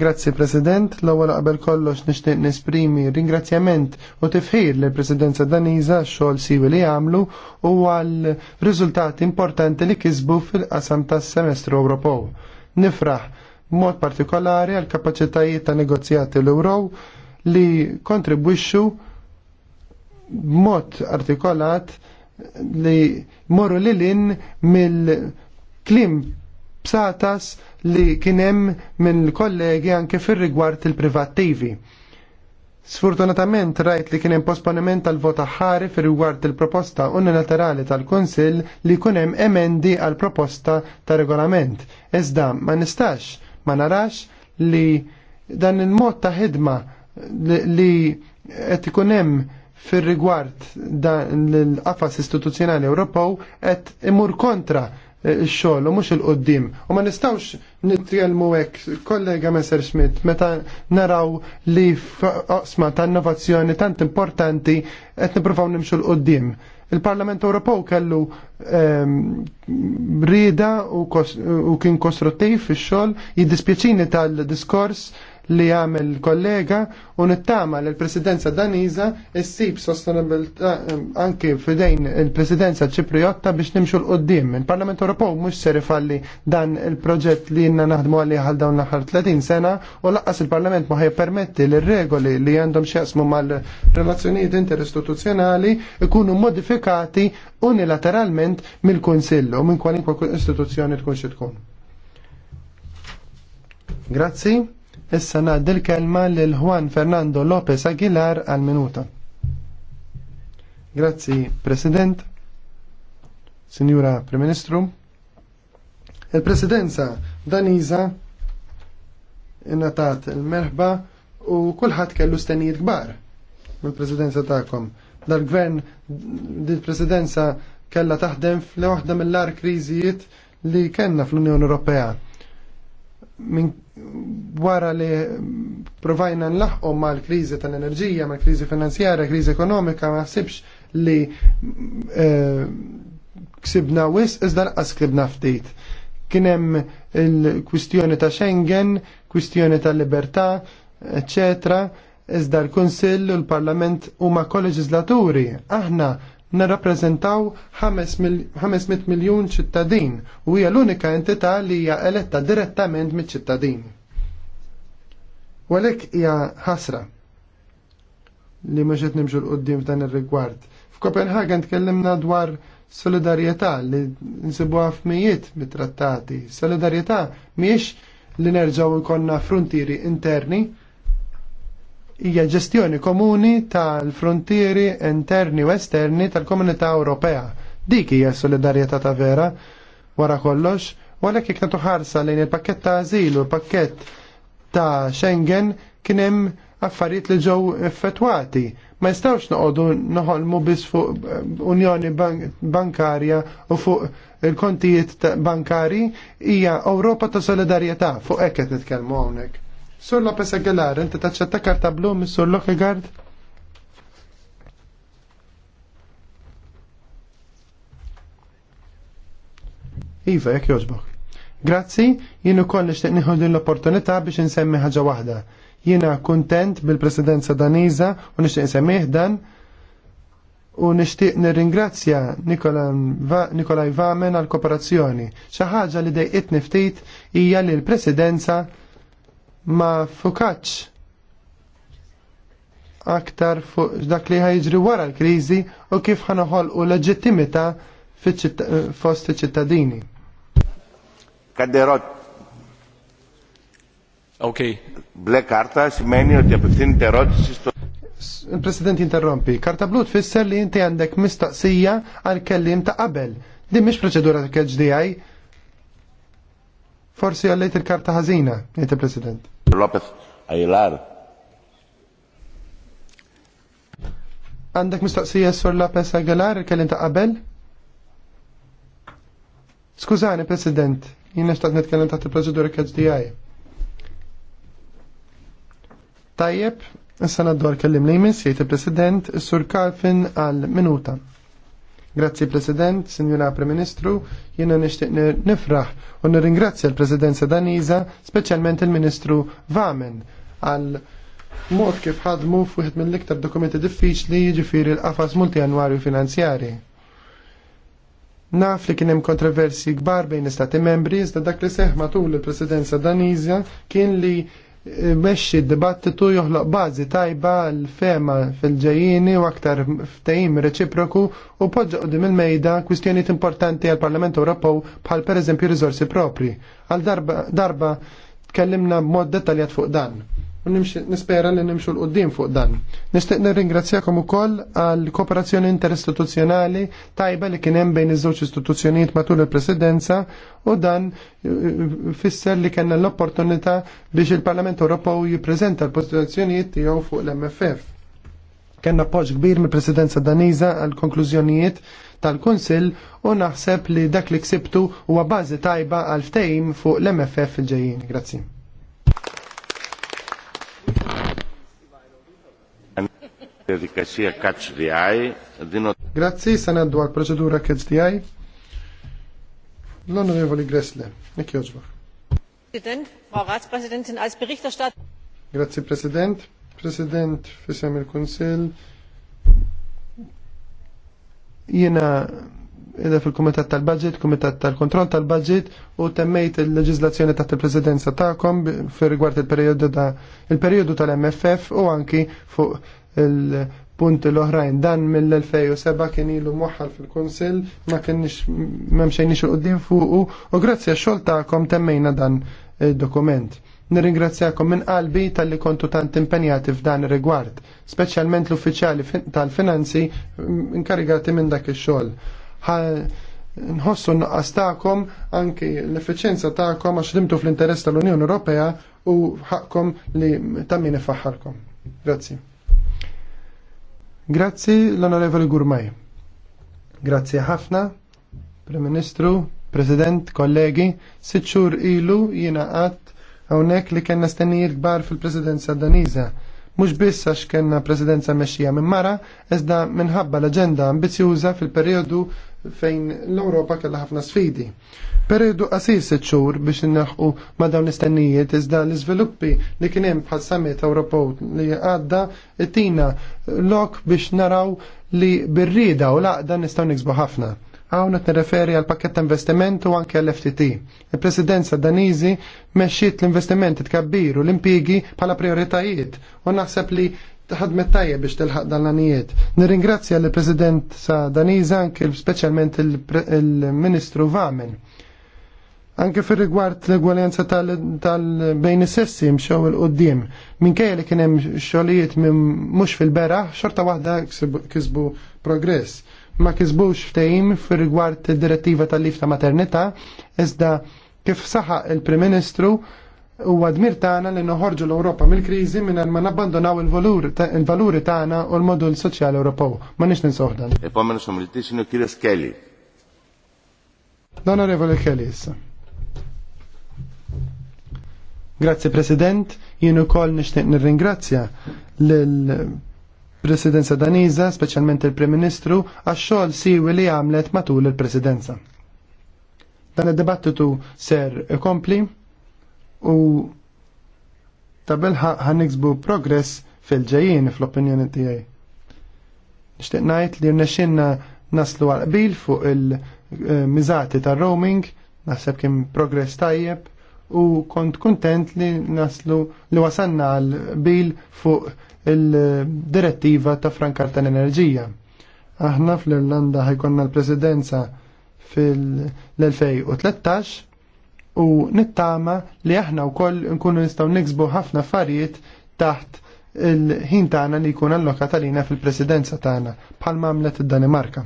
Grazzi President, l-ewwel qabel kollox nixtieq nesprimi ringrazzjament u tifħir lill presidenza Daniża xogħol siwi li għamlu u għal riżultati importanti li kisbu fil-qasam tas-semestru Ewropew. Nifraħ mod partikolari għal kapaċitajiet ta' negozjati l-Ewrow li kontribwixxu mod artikolat li morru li lin mill-klim psatas li kienem minn kollegi anke fir-rigward il-privattivi. Sfortunatament rajt li kienem posponiment tal-vota ħari fir rigward il-proposta unilaterali tal-Konsil li kunem emendi għal proposta ta' regolament. Iżda ma nistax, ma narax li dan il-mod ta' ħidma li qed ikun hemm fir-rigward dan l-qafas istituzzjonali Ewropew qed imur kontra eh, xogħol u mhux il-qoddim. U ma nistgħux nitkellmu hekk kollega Messer Schmidt meta naraw li f'qosma ta' innovazzjoni tant importanti qed nippruvaw nimxu l-qoddim. Il-Parlament Ewropew kellu ehm, rida u kien kostruttiv fix-xogħol, jiddispjaċini tal-diskors li għamel kollega u nittama l presidenza Daniza issib sostenibilità eh, anki fidejn il-presidenza ċipriotta biex nimxu l-qoddim. Il-Parlament Ewropew mhux ser ifalli dan il-proġett li jenna naħdmu għalli għal dawn l-aħħar 30 sena u laqqas il-Parlament ma ħajpermetti li regoli li għandhom xjaqsmu mal-relazzjonijiet interistituzzjonali ikunu modifikati unilateralment mill-Kunsill u minn kwalinkwa istituzzjoni tkun xi tkun. Grazzi. Issa ngħaddi l-kelma lil Juan Fernando Lopez Aguilar għal minuta. Grazzi, President, Signora Prim Ministru. Il-Presidenza Danisa innatat il-merħba u kulħadd kellu stenijiet kbar mill-presidenza tagħkom. Dal-gvern, dil-presidenza kella taħdem fl waħda mill-ar kriżijiet li kellna fl-Unjoni Ewropea. Min wara li provajna nlaħqu mal-kriżi tal-enerġija, mal-kriżi finanzjarja, kriżi ekonomika, ma ħsibx li eh, ksibna wis iżda nqas ksibna ftit. Kien hemm il-kwistjoni ta' Schengen, kwistjoni ta' libertà, eċetera, iżda l-Kunsill u l-Parlament huma koleġislaturi. Aħna narrappreżentaw 500 miljun ċittadin u hija l-unika entità li hija eletta direttament mill-ċittadini. U għalhekk hija ħasra li ma ġiet nimġu l-qoddim f'dan ir-rigward. F'Kopenhagen tkellimna dwar solidarjetà li nsibuha f'mijiet mit-trattati. Solidarjetà mhijiex li nerġgħu jkollna frontieri interni, hija ġestjoni komuni tal-frontieri interni u esterni tal-Komunità Ewropea. Dik hija solidarjetà ta' vera wara kollox, u għalhekk jekk nagħtu ħarsa lejn il-pakkett ta' ażil u l-pakkett ta' Schengen kien hemm affarijiet li ġew effettwati. Ma jistawx noqogħdu noħolmu biss fuq eh, Unjoni Bankarja u fuq il-kontijiet bankari hija Ewropa ta' solidarjetà fuq hekk qed nitkellmu hawnhekk. Sur Lopez Aguilar, inti taċċetta karta blu mis Sur Lokegard? Iva, jek joġbok. Grazzi, jien ukoll nixtieq nieħu din l-opportunità biex insemmi ħaġa waħda. Jiena kuntent bil-presidenza Daniza u nixtieq insemmih dan u nishtiq nirringrazzja Nikolaj Vamen għal kooperazzjoni. Xi ħaġa li dejqitni ftit hija li l-Presidenza ma fukaċ aktar fuq dak li ħajġri wara l-kriżi u kif u leġittimità fost ċittadini Kadderot. Ok. Black karta simeni u tjabtin terot Il-President interrompi. Karta blu tfisser li inti għandek mistaqsija għal kellim ta' qabel. Din mhix proċedura ta' kħedġdijaj. Forsi għallejt il-karta ħażina, jgħid il-President. Lopez Aguilar. Għandek mistoqsija sur Lopez Aguilar, il-kellim ta' qabel? Skużani, President, jien nixtaq nitkellem taħt il-proċedura KHDI. Tajjeb, issa naddu kellim li jmiss, jgħid president sur Kalfin għal-minuta. Grazzi President, Signora Prime ministru jiena nixtieq nifraħ u nirringrazzja l-Presidenza Daniża, speċjalment il-Ministru Vamen għal mod kif ħadmu f'wieħed mill-iktar dokumenti diffiċli jiġifieri l-qafas multianwarju finanzjarji. Naf li kien hemm kontroversi kbar bejn istati membri, iżda dak li seħ matul il-Presidenza Daniża kien li meċi dibattitu joħloq bazi tajba l-fema fil-ġejjini u aktar ftejim reċiproku u podġa qdim il-mejda kwistjoniet importanti għal Parlament Ewropew bħal per eżempju rizorsi propri. Għal darba, darba tkellimna b'mod dettaljat fuq dan u nispera li nimxu l-qoddim fuq dan. Nishtiq u ukoll għal kooperazzjoni interistituzzjonali tajba li kien hemm bejn iż-żewġ istituzzjonijiet matul il-Presidenza u dan eh, fisser li kellna l-opportunità biex il-Parlament Ewropew jippreżenta l-pożizzjonijiet tiegħu fuq l-MFF. Kenna appoġġ kbir mill-Presidenza Daniża għal konklużjonijiet tal-Kunsill u naħseb li dak li ksibtu huwa bażi tajba għal ftehim fuq l-MFF il-ġejjin. Grazzi. διαδικασία Catch the Eye. Δίνω... Grazie, sanaddu għal procedura Catch the Eye. L-Onorevoli Gressle, nek joġbaħ. President, Grazie, President. President, fissem il-Konsil. Jena edha fil-Kumitat tal-Budget, Kumitat tal-Kontroll tal-Budget u temmejt il-leġizlazzjoni taħt il-Presidenza tagħkom fir rigward il-perjodu il-perjodu tal-MFF u anki fuq il-punti l-oħrajn. Dan mill-2007 kien ilu moħħal fil-Kunsill, ma kienx memxejnix il-qoddim fuqu u grazzi għaxol xogħol tagħkom temmejna dan il-dokument. Eh, Nirringrazzjakom minn qalbi tal-li kontu tant impenjati f'dan il rigward speċjalment l-uffiċjali tal-finanzi mm, inkarigati minn dak ix-xogħol. Nħossu nuqqas tagħkom anki l efficienza tagħkom għax dimtu fl-interess tal-Unjoni Ewropea u ħaqkom li tammini ifaħħarkom. Grazzi. Grazzi l-Onorevoli Gurmaj. Grazzi ħafna, Prim Ministru, President, kollegi, sitt xhur ilu jina għat hawnhekk li kellna stenir kbar fil-Presidenza Daniza. Mhux biss għax kellna Presidenza mexxija minn mara, iżda minħabba l-aġenda ambizjuża fil-perjodu fejn l-Europa kellha ħafna sfidi. Periodu qasir sitt xhur biex innaħqu ma' dawn l-istennijiet iżda l-iżviluppi li kien hemm bħal summit Ewropew li għadda it-tina lok biex naraw li birrida u laqda nistgħu nixbu ħafna. Hawn qed nirreferi għal pakket ta' investiment u anke l-FTT. Il-Presidenza Daniżi mexxiet l-investimenti tkabbir u l-impigi bħala prioritajiet u naħseb li ħadmet tajje biex tilħaq dan l-anijiet. Nirringrazzja l-President sa Daniza, anke specialment il-Ministru Vamen. Anke fir rigward l-egwaljanza tal-bejn is-sessi mxew il-qoddim. Minkejja li kien hemm xogħlijiet mhux fil-beraħ, xorta waħda kisbu progress. Ma kisbux ftehim fir rigward id-direttiva tal-lif ta' maternità, iżda kif saħaq il-Prim Ministru u għadmir tagħna li noħorġu l-Ewropa mill-kriżi mingħajr ma nabbandonaw il-valuri tagħna u l-modul soċjali Ewropew. Ma nix ninsoħdan. dan. Epomenu somriti sinu Kiris Kelly. L-Onorevole Kelly issa. Grazie President, jien ukoll nixtieq nirringrazzja l Presidenza Daniza, speċjalment il-Prim Ministru, għax-xogħol siwi li għamlet matul il-Presidenza. Dan id debattitu ser kompli u tabel ħan ħaniksbu progress fil-ġejjien fl-opinjoni tiegħi. Nixtieq ngħid li rnexxinna naslu għal qbil fuq il-miżati eh, ta' roaming naħseb kien progress tajjeb u kont kontent li naslu li wasanna għal qbil fuq il-direttiva ta' frankar tal-enerġija. Aħna fl-Irlanda ħajkonna l-presidenza fil-2013 u nittama li aħna wkoll nkunu nistgħu niksbu ħafna affarijiet taħt il-ħin tagħna li l-loka talina fil-presidenza tagħna bħalma għamlet id-Danimarka.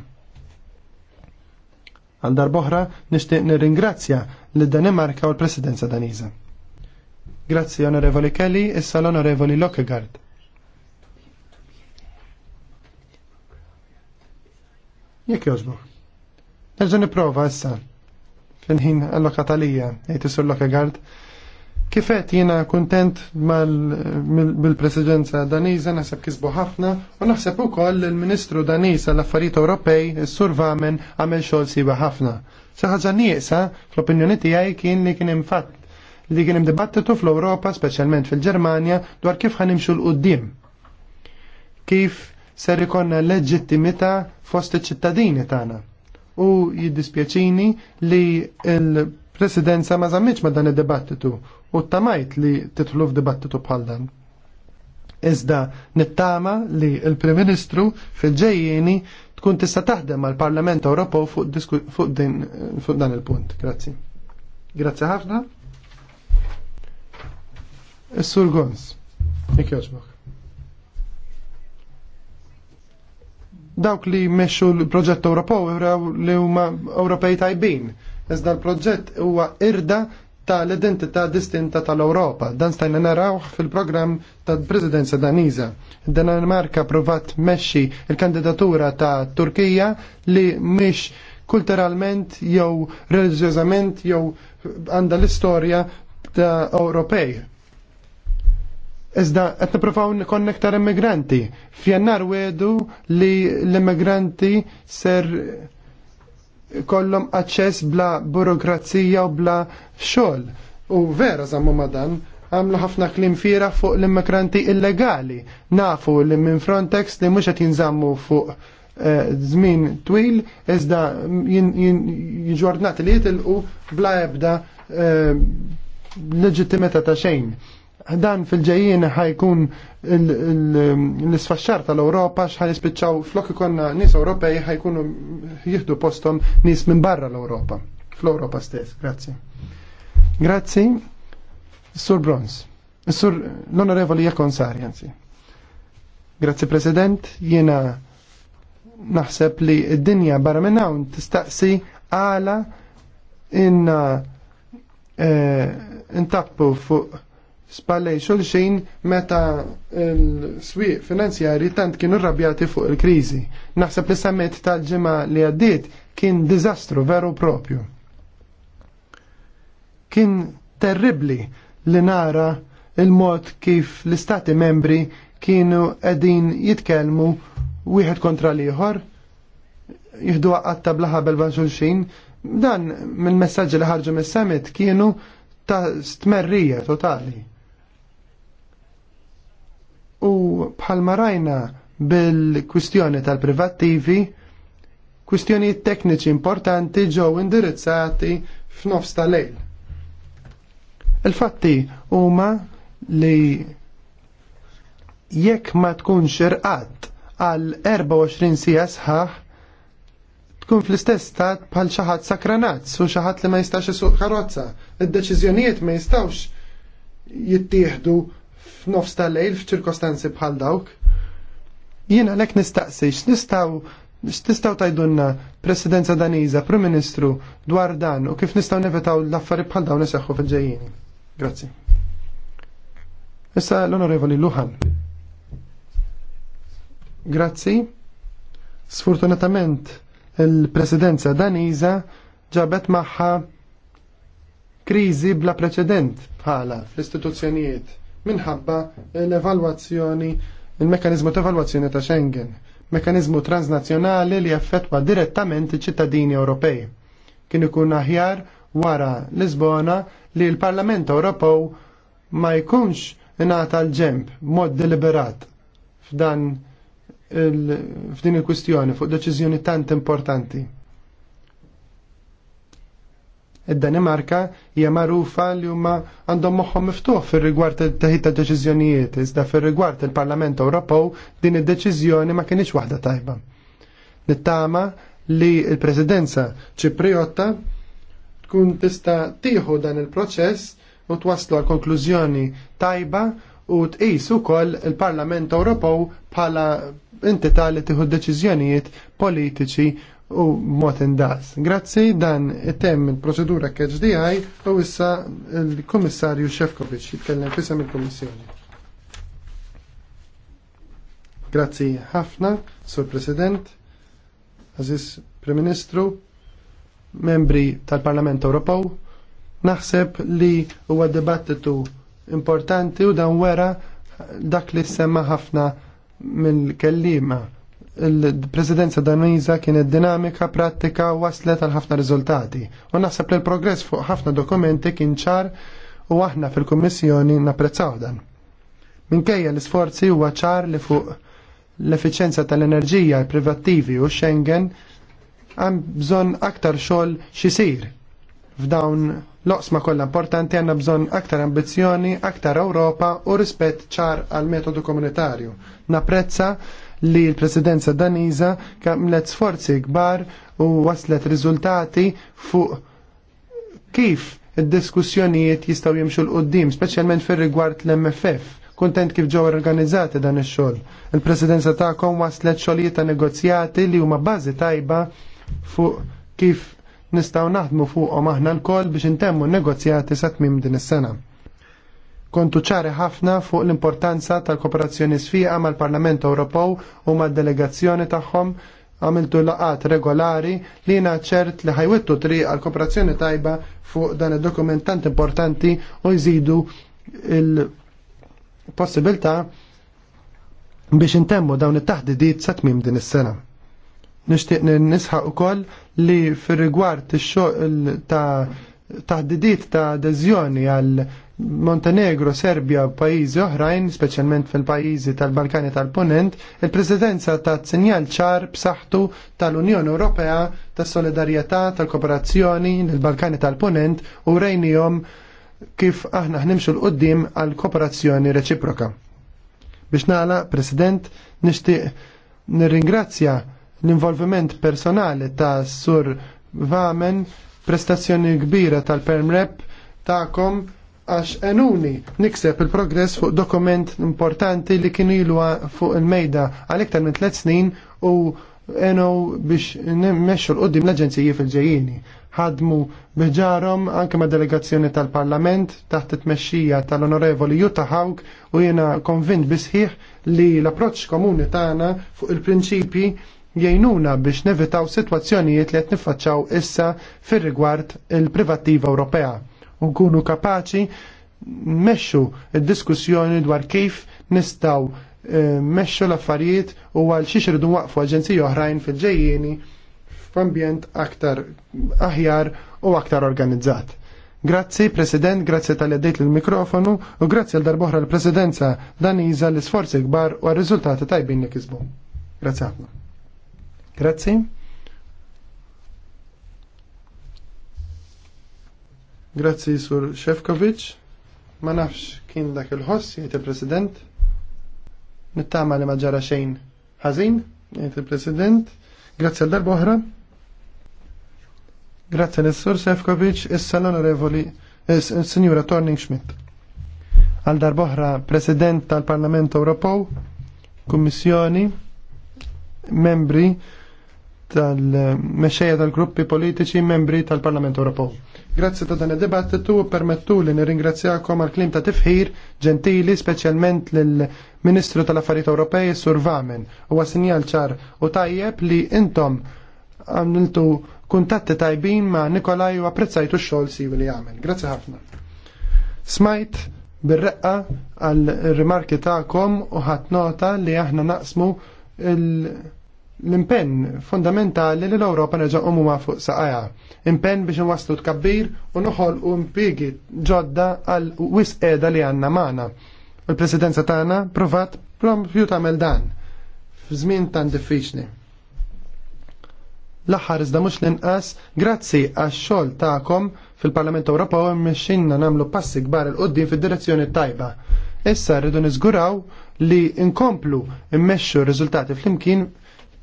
Għal darboħra nixtieq nirringrazzja l danimarka u l-Presidenza Daniża. Grazzi Onorevoli Kelly, issa l-Onorevoli Lockegaard. Jekk jogħġbok. Nerġa' nipprova issa fl-inħin allokat għalija, jgħid isur Lokegard. Kifet jiena kuntent bil-presidenza Daniża naħseb kisbu ħafna u naħseb ukoll il-Ministru daniza l affarijiet Ewropej, s sur Vamen, għamel xogħol siba ħafna. Sa ħaġa nieqsa fl-opinjoni tiegħi kien li kien imfat li kien hemm dibattitu fl-Ewropa, speċjalment fil-Ġermanja, dwar kif ħanimxu l qoddim Kif ser ikonna leġittimità fost iċ-ċittadini tagħna u jiddispjaċini li il-presidenza ma zammiċ ma dan id-dibattitu u tamajt li titħlu f'dibattitu bħal dan. Iżda nittama li il-Prim Ministru fil-ġejjeni tkun tista' taħdem mal parlament Ewropew fuq, fuq, fuq dan il-punt. Grazzi. Grazzi ħafna. Is-Sur Gons. Ikjoġbok. Dawk li meċu l-proġett Ewropew li huma Ewropej tajbin. Iżda l-proġett huwa irda ta' l-identità distinta tal-Europa. Dan stajna naraw fil-programm ta' presidenza Daniza. Danimarka provat meċi il-kandidatura ta' Turkija li mhix kulturalment jew reliġjożament jew għanda l-istorja ta' Ewropej Iżda qed nippruvaw nikonnektar immigranti. F'jannar wedu li l-immigranti ser kollhom aċċess bla burokrazija u bla xogħol. U vera żammu madan, għamlu ħafna klim fira fuq l-immigranti illegali. Nafu li minn Frontex li mhux qed jinżammu fuq eh, żmien twil iżda jiġu ordnati li jitilqu bla ebda eh, leġittimeta ta' xejn dan fil-ġejjien ħajkun l-isfaxxar tal europa xħal jispiċċaw flok ikonna nies Ewropej ħajkunu jieħdu postom nies minn barra l europa fl europa stess. Grazzi. Grazzi, Sur Brons, Sur l-Onorevoli Jekon Sari, Grazzi President, jiena naħseb li d-dinja barra minn hawn tistaqsi għala inna eh, intappu fuq spallej xulxin meta l-swieq finanzjari tant kienu rrabjati fuq il-krizi. Naħseb li sammet tal-ġimma li għaddiet kien dizastru veru propju. Kien terribli li nara il-mod kif l-istati membri kienu edin jitkelmu wieħed kontra liħor, jihdu għatta bel ban xulxin, dan mill-messagġi li ħarġu mis-summit kienu ta' stmerrija totali U bħalma rajna bil-kwistjoni tal-privattivi, kwistjonijiet tekniċi importanti ġew indirizzati f'nofs tal-lejl. Il-fatti huma li jekk ma tkunx irqat għal 24 sija sħaħ tkun fl-istess stat bħal xi ħadd sakranat u xi ħadd li ma jistax isuq karozza. Id-deċiżjonijiet ma jistgħux jittieħdu f'nofs tal-lejl f'ċirkostanzi bħal dawk. Jiena għalhekk nistaqsi x'nistgħu x'tistgħu tajdunna presidenza Daniża, prim ministru, dwar dan u kif nistgħu nevetaw l affarijiet bħal dawn iseħħu fil ġejjieni Grazzi. Issa l-onorevoli Luhan. Grazzi. Sfortunatament il-presidenza Daniża ġabet maħħa krizi bla preċedent bħala fl-istituzzjonijiet minħabba l-evalwazzjoni, il-mekanizmu ta' evalwazzjoni ta' Schengen, mekanizmu transnazzjonali li jaffetwa direttament iċ-ċittadini Ewropej. Kien ikun aħjar wara Lisbona li l-Parlament Ewropew ma jkunx ingħata l-ġemp mod deliberat f'dan il-kwistjoni fuq deċiżjoni tant importanti Id-Danimarka hija magħrufa li huma għandhom moħħhom miftuħ fir-rigward it-teħid ta' deċiżjonijiet, iżda fir-rigward il-Parlament Ewropew din id-deċiżjoni ma kienx waħda tajba. Nittama li l-Presidenza Ċipriotta tkun tista' tieħu dan il-proċess u twaslu għal konklużjoni tajba u tqis ukoll il-Parlament Ewropew bħala entità li tieħu deċiżjonijiet politiċi u mod indaqs. Grazzi dan it-tem il-proċedura KHDI u issa il-Kummissarju Shefkovic jitkellem fissam il-Kummissjoni. Grazzi ħafna, Sur President, Aziz Prim Ministru, membri tal-Parlament Ewropew, naħseb li huwa dibattitu importanti u dan wera dak li semma ħafna mill-kellima il-Presidenza Daniża kienet dinamika, pratika, waslet għal ħafna riżultati. U naħseb li l-progress fuq ħafna dokumenti kien ċar u aħna fil-Kummissjoni napprezzaw dan. Minkejja l-isforzi huwa ċar li fuq l-efficienza tal-enerġija privattivi u Schengen għam bżon aktar xogħol xisir. F'dawn l-oqsma kollha importanti għandna bżonn aktar ambizzjoni, aktar Ewropa u rispett ċar għal metodu komunitarju. Napprezza li l-presidenza daniza kamlet sforzi kbar u waslet riżultati fuq kif id-diskussjonijiet jistgħu jimxu l-qoddim, speċjalment fir-rigward l-MFF kontent kif ġew organizzati dan ix-xogħol. Il-presidenza tagħkom waslet xogħlijiet ta' negozjati li huma bażi tajba fuq kif nistgħu naħdmu fuqhom aħna lkoll biex intemmu n negozjati sa tmiem din is-sena kontu ċari ħafna fuq l-importanza tal-kooperazzjoni sfiqa mal-Parlament Ewropew u mad-delegazzjoni tagħhom għamiltu laqat regolari li jina ċert li ħajwittu tri għal kooperazzjoni tajba fuq dan il-dokument tant importanti u jżidu il-possibilta biex intemmu dawn it-taħdidiet sa tmim din is-sena. Nixtieq nisħaq ukoll li fir-rigward ix-xogħol ta' taħdidiet ta' adeżjoni għal Montenegro, Serbia u pajjiżi oħrajn, speċjalment fil-pajjiżi tal-Balkani tal-Ponent, il-Presidenza t sinjal ċar b'saħħtu tal-Unjoni Ewropea tas-solidarjetà tal-kooperazzjoni lill-Balkani tal-Ponent u rejnijom kif aħna ħnimxu l-qoddim għal kooperazzjoni reċiproka. Biex nala, President, nixtieq nirringrazzja l-involviment personali ta' Sur Vamen, prestazzjoni kbira tal-Perm Rep ta'kom għax enuni nikseb il-progress fuq dokument importanti li kienu ilu fuq il-mejda għal iktar minn tliet snin u enu biex nemmexxu l-qoddim l-aġenziji fil-ġejjini. Ħadmu biġarom anke ma' delegazzjoni tal-Parlament taħt it-mexxija tal-Onorevoli Jutta Hawk u jiena konvint bisħiħ li l-approċċ komuni tagħna fuq il-prinċipji jgħinuna biex nevitaw sitwazzjonijiet li qed niffaċċaw issa fir-rigward il-privattiva Ewropea unkunu kapaċi mmexxu il diskussjoni dwar kif nistgħu eh, mmexxu l-affarijiet u għal xiex xirdu waqfu aġenziji oħrajn fil-ġejjieni f'ambjent aktar aħjar u aktar organizzat. Grazzi, President, grazzi tal-għeddejt l-mikrofonu u grazzi għal-darboħra l-Presidenza daniza l-sforzi gbar u għal-rizultati tajbin li kisbu. Grazzi għafna. Grazzi. Grazzi sur Shevkovic. Ma nafx kien dak il-ħoss, jgħid il-President. Nittama li ma ġara xejn ħażin, jgħid il-President. Grazzi għal darba oħra. Grazzi l sur Shevkovic, issa l-onorevoli, il-Sinjura eh, Torning Schmidt. Għal darba oħra, President tal-Parlament Ewropew, Kummissjoni, membri tal-mexxejja tal-gruppi politiċi membri tal-Parlament Ewropew. Grazzi ta' dan id-dibattitu u permettu li nirringrazzjakom għal klim ta' tifħir ġentili speċjalment lill-Ministru tal-Affarijiet Ewropej Sur Vamen. U għasinjal ċar u tajjeb li intom għamiltu kuntatti tajbin ma' Nikolaj u apprezzajtu x-xogħol siwi li għamil. Grazzi ħafna. Smajt bir-reqqa għal rimarki ta'kom u ħadd nota li aħna naqsmu il- l-impenn fundamentali li l-Europa nerġa' umuma fuq saqajja. Impenn biex nwaslu tkabbir u nħol u mpigi ġodda għal edha li għanna magħna. Il-presidenza tagħna provat prompju tagħmel dan f'żmien tan diffiċli. L-aħħar iżda mhux l-inqas, grazzi għax-xogħol tagħkom fil-Parlament u mmexxinna nagħmlu passi kbar il qudiem fil direzzjoni tajba. Issa rridu niżguraw li nkomplu mmexxu r-riżultati fl-imkien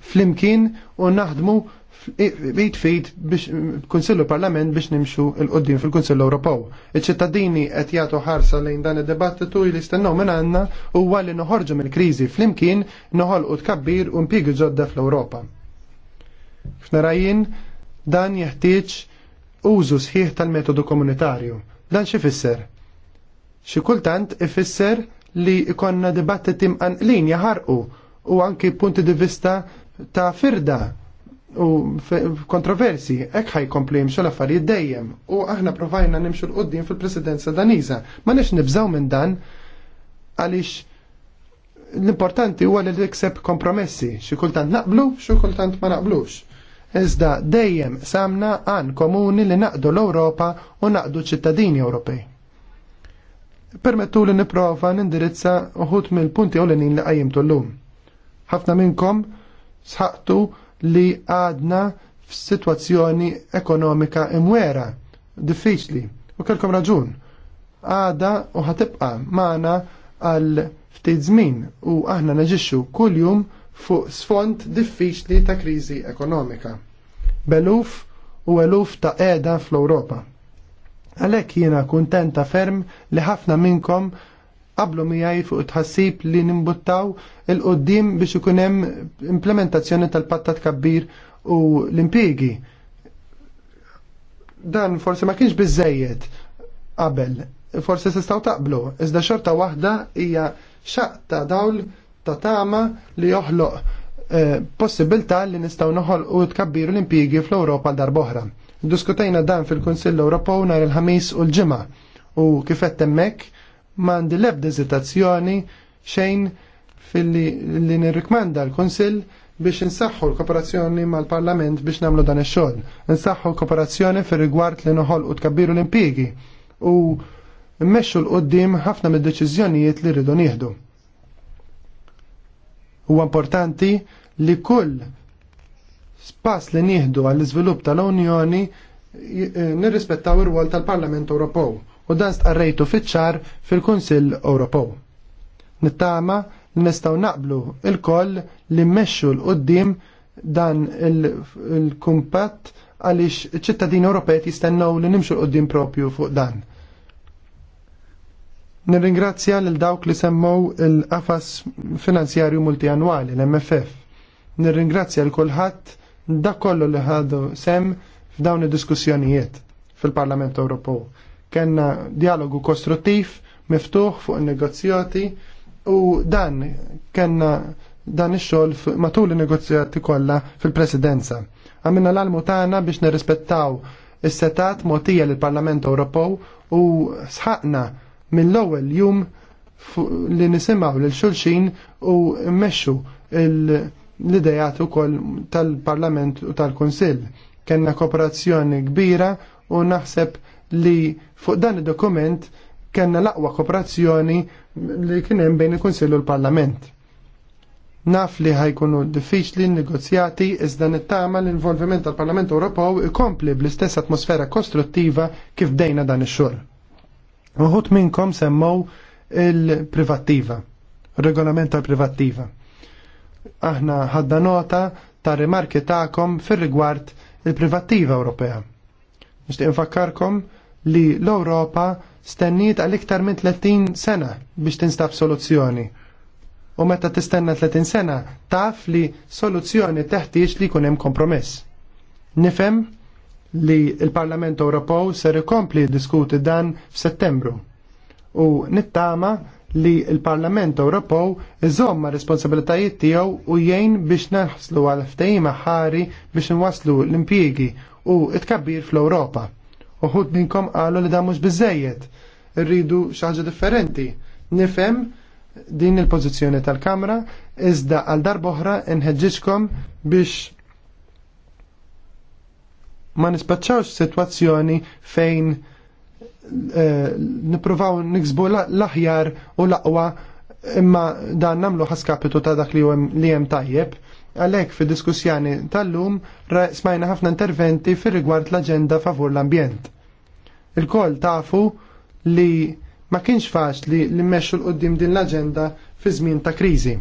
flimkien u naħdmu bejt fejt biex konsillu parlament biex nimxu il-qoddim fil-Konsillu Ewropew. Iċ-ċittadini qed jagħtu ħarsa lejn dan id-dibattitu li stennew minn għandna huwa li noħorġu mill-kriżi flimkien noħolqu tkabbir u impjiegi ġodda fl-Ewropa. F'narajin dan jeħtieġ użu sħiħ tal-metodu komunitarju. Dan xi fisser? Xi kultant ifisser li ikonna dibattiti mqanqlin jaħarqu u anki punti di vista ta' firda u kontroversi, ek ħaj komplim xo l-affarijiet dejjem. U aħna provajna nimxu l-qoddim fil-presidenza daniza. Ma nix nibżaw minn dan għalix l-importanti huwa li tikseb kompromessi, xi kultant naqblu, xi kultant ma naqblux. Iżda dejjem samna għan komuni li naqdu l-Ewropa u naqdu ċittadini Ewropej. Permettu li niprofa nindirizza uħut mill-punti l-nin li qajjimtu l-lum. Ħafna minnkom sħaqtu li għadna f'sitwazzjoni ekonomika imwera, diffiċli. U kelkom raġun, għada u ħatibqa maħna għal ftit żmien u aħna neġixxu kuljum fuq sfond diffiċli ta' kriżi ekonomika. Beluf u eluf ta' qiegħda fl-Ewropa. Għalhekk jiena kuntenta ferm li ħafna minnkom qablu miħaj fuq tħassib li nimbuttaw il-qoddim biex ikunem implementazzjoni tal-pattat kabbir u l-impiegi. Dan forse ma kienx bizzejiet qabel, forse sistaw taqblu, iżda xorta waħda hija ta' dawl ta' tama li joħloq eh, possibilità li nistaw noħol u tkabbir l-impiegi fl-Europa darboħra. Diskutajna dan fil-Konsill Ewropew nhar il-ħamis u l-ġimgħa u kifet hemmhekk mandi lebda eżitazzjoni xejn fil-li li nirrikmanda l-Konsil biex nsaħħu l-kooperazzjoni mal-Parlament biex namlu dan ix-xogħol. Nsaħħu l-kooperazzjoni fir rigward li noħolqu tkabbiru l-impjiegi u mmexxu l-qoddim ħafna mid-deċiżjonijiet li rridu nieħdu. Huwa importanti li kull spass li nieħdu għall-iżvilupp tal-Unjoni eh, nirrispettaw ir-rwol tal-Parlament Ewropew u dan stqarrejtu fiċ-ċar fil-Kunsill Ewropew. Nittama li nistgħu naqblu il-koll li mmexxu l qudiem dan il-kumpat għaliex ċittadini Ewropej jistennew li nimxu l qoddim propju fuq dan. Nirringrazzja lil dawk li semmow il-qafas finanzjarju multianwali, l-MFF. Nirringrazzja l kulħadd dak kollu li ħadu sem f'dawn id-diskussjonijiet fil-Parlament Ewropew kena dialogu kostruttiv, miftuħ fuq il-negozjati u dan kena dan ix-xogħol matul il negozjati kollha fil-Presidenza. Għamilna l-almu tagħna biex nirrispettaw is-setat motija lill-Parlament Ewropew u sħaqna mill-ewwel jum li nisimgħu lil xulxin u mmexxu l-idejat ukoll tal-Parlament u tal-Kunsill. Kenna kooperazzjoni kbira u naħseb li Fuq dan id-dokument kellna l-aqwa kooperazzjoni li kien hemm bejn il-Kunsill l-Parlament. Naf li ħajkunu diffiċli negozjati iżda nittama l-involviment tal-Parlament Ewropew ikompli bl-istess atmosfera kostruttiva kif dejna dan ix-xogħol. Uħut minnkom semmow il-privattiva, regolament tal-privattiva. Aħna ħadda nota ta' rimarki ta'kom fir rigward il-privattiva Ewropea. Nixtieq infakkarkom li l-Europa stenniet għal iktar minn 30 sena biex tinstab soluzzjoni. U meta tistenna 30 sena, taf li soluzzjoni teħtiex li kunem kompromess. Nifem li il-Parlament Ewropew ser ikompli diskuti dan f'Settembru. U nittama li il-Parlament Ewropew iżomma responsabilitajiet tiegħu u jgħin biex naħslu għal ftehim ħari biex nwaslu l-impjiegi u it-kabbir fl-Ewropa Uħud minnkom qalu li dan mhux rridu Irridu differenti. Nifhem din il-pożizzjoni tal-Kamra iżda għal darboħra oħra biex ma nispaċċawx situazzjoni fejn eh, nipruvaw niksbu l-aħjar u l-aqwa imma dan namlu ħaskapitu ta' dak li hemm tajjeb Għalhekk fid diskussjoni tal-lum smajna ħafna interventi fi rigward l-aġenda favur l-ambjent. Il-koll tafu li ma kienx faċli li mmexxu l-qoddim din l-aġenda fi żmien ta' kriżi.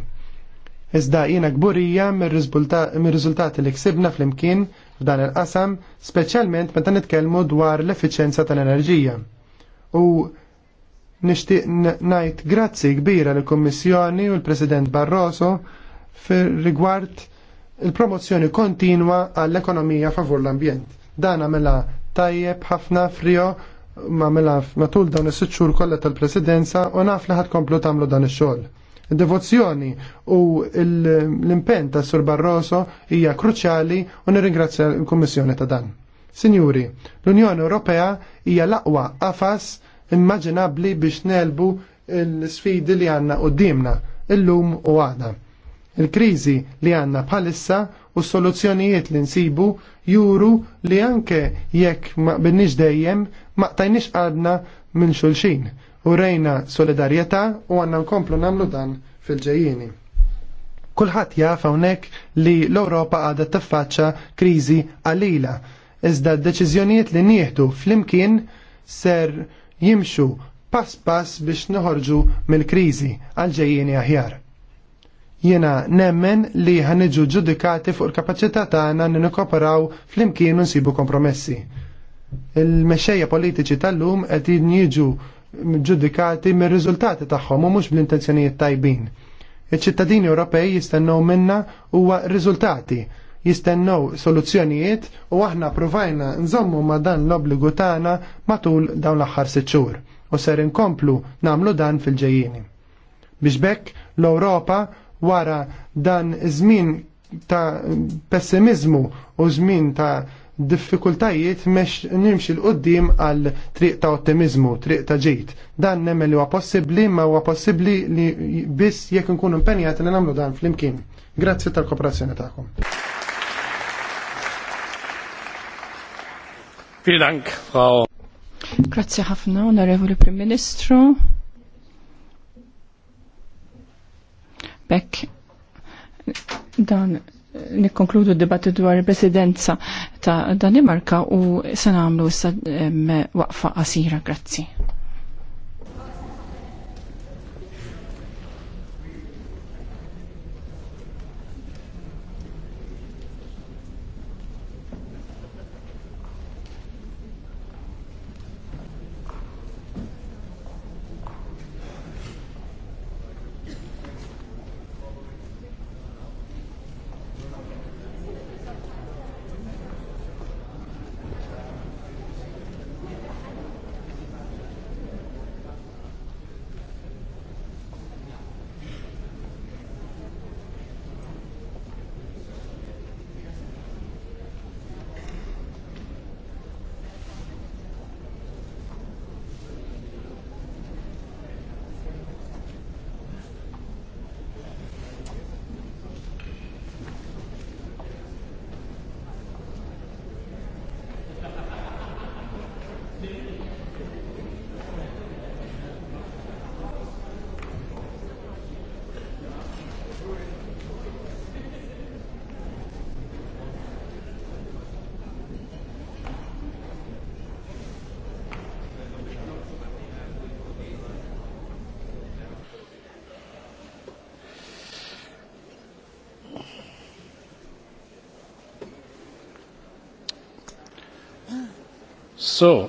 Iżda jiena gburija mir-riżultati li ksibna fl-imkien f'dan il-qasam, speċjalment meta nitkellmu dwar l efficienza tal-enerġija. U nixtieq ngħid grazzi kbira lill kummissjoni u l-President Barroso fir rigward il-promozzjoni kontinwa għall-ekonomija favur l-ambjent. Dan għamela tajjeb ħafna frio ma mela matul dawn is sitxur kollha tal-presidenza u naf li ħadkomplu tagħmlu dan ix-xogħol. Devozzjoni u l-impenn ta' Sur Barroso hija kruċjali u nirringrazzja l-Kummissjoni ta' dan. Sinjuri, l-Unjoni Ewropea hija l-aqwa qafas immaġinabbli biex nelbu l-sfidi li għandna qudiemna illum u għada. Il-kriżi li għanna bħalissa u soluzzjonijiet li nsibu juru li anke jekk ma binnix dejjem ma tajnix għadna minn xulxin u rejna solidarjetà u għanna nkomplu namlu dan fil-ġejjini. Kulħadd jaf hawnhekk li l-Ewropa għadha tiffaċċa kriżi qalila iżda d-deċiżjonijiet li nieħdu flimkien ser jimxu pass pass biex noħorġu mill-kriżi għal ġejjini aħjar. Jiena nemmen li ħaniġu ġudikati fuq il-kapacità tagħna li nikkoperaw flimkien u nsibu kompromessi. Il-mexxejja politiċi tal-lum qed jiġu ġudikati mir-riżultati tagħhom u mhux bl-intenzjonijiet tajbin. Iċ-ċittadini Ewropej jistennew minna huwa riżultati jistennew soluzzjonijiet u aħna provajna nżommu ma dan l-obbligu tagħna matul dawn l-aħħar sitt xhur u ser inkomplu namlu dan fil-ġejjieni. Biex l-Ewropa wara dan żmien ta' pessimizmu u żmien ta' diffikultajiet mex nimxi l-qoddim għal triq ta' ottimizmu, triq ta' ġejt. Dan nemmen li huwa possibbli, ma huwa possibbli li biss jekk nkunu impenjat li nagħmlu dan flimkien. Grazzi tal-kooperazzjoni tagħkom. Vielen Dank, Frau. Grazie ħafna, onorevoli Prim Ministru. Bekk dan nikkonkludu d-dibattit dwar il-presidenza ta' Danimarka u se s issa waqfa qasira. Grazzi. So.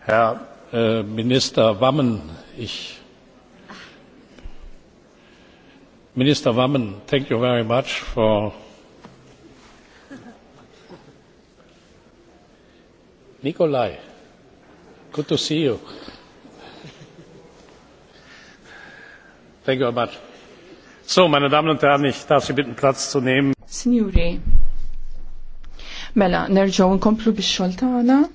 Herr äh, Minister Wammen, ich Minister Wammen, thank you very much for Nikolai, good to see you. Thank you very much. So, meine Damen und Herren, ich darf Sie bitten, Platz zu nehmen. Signori, mela, nerġaw nkomplu bix-xoltana.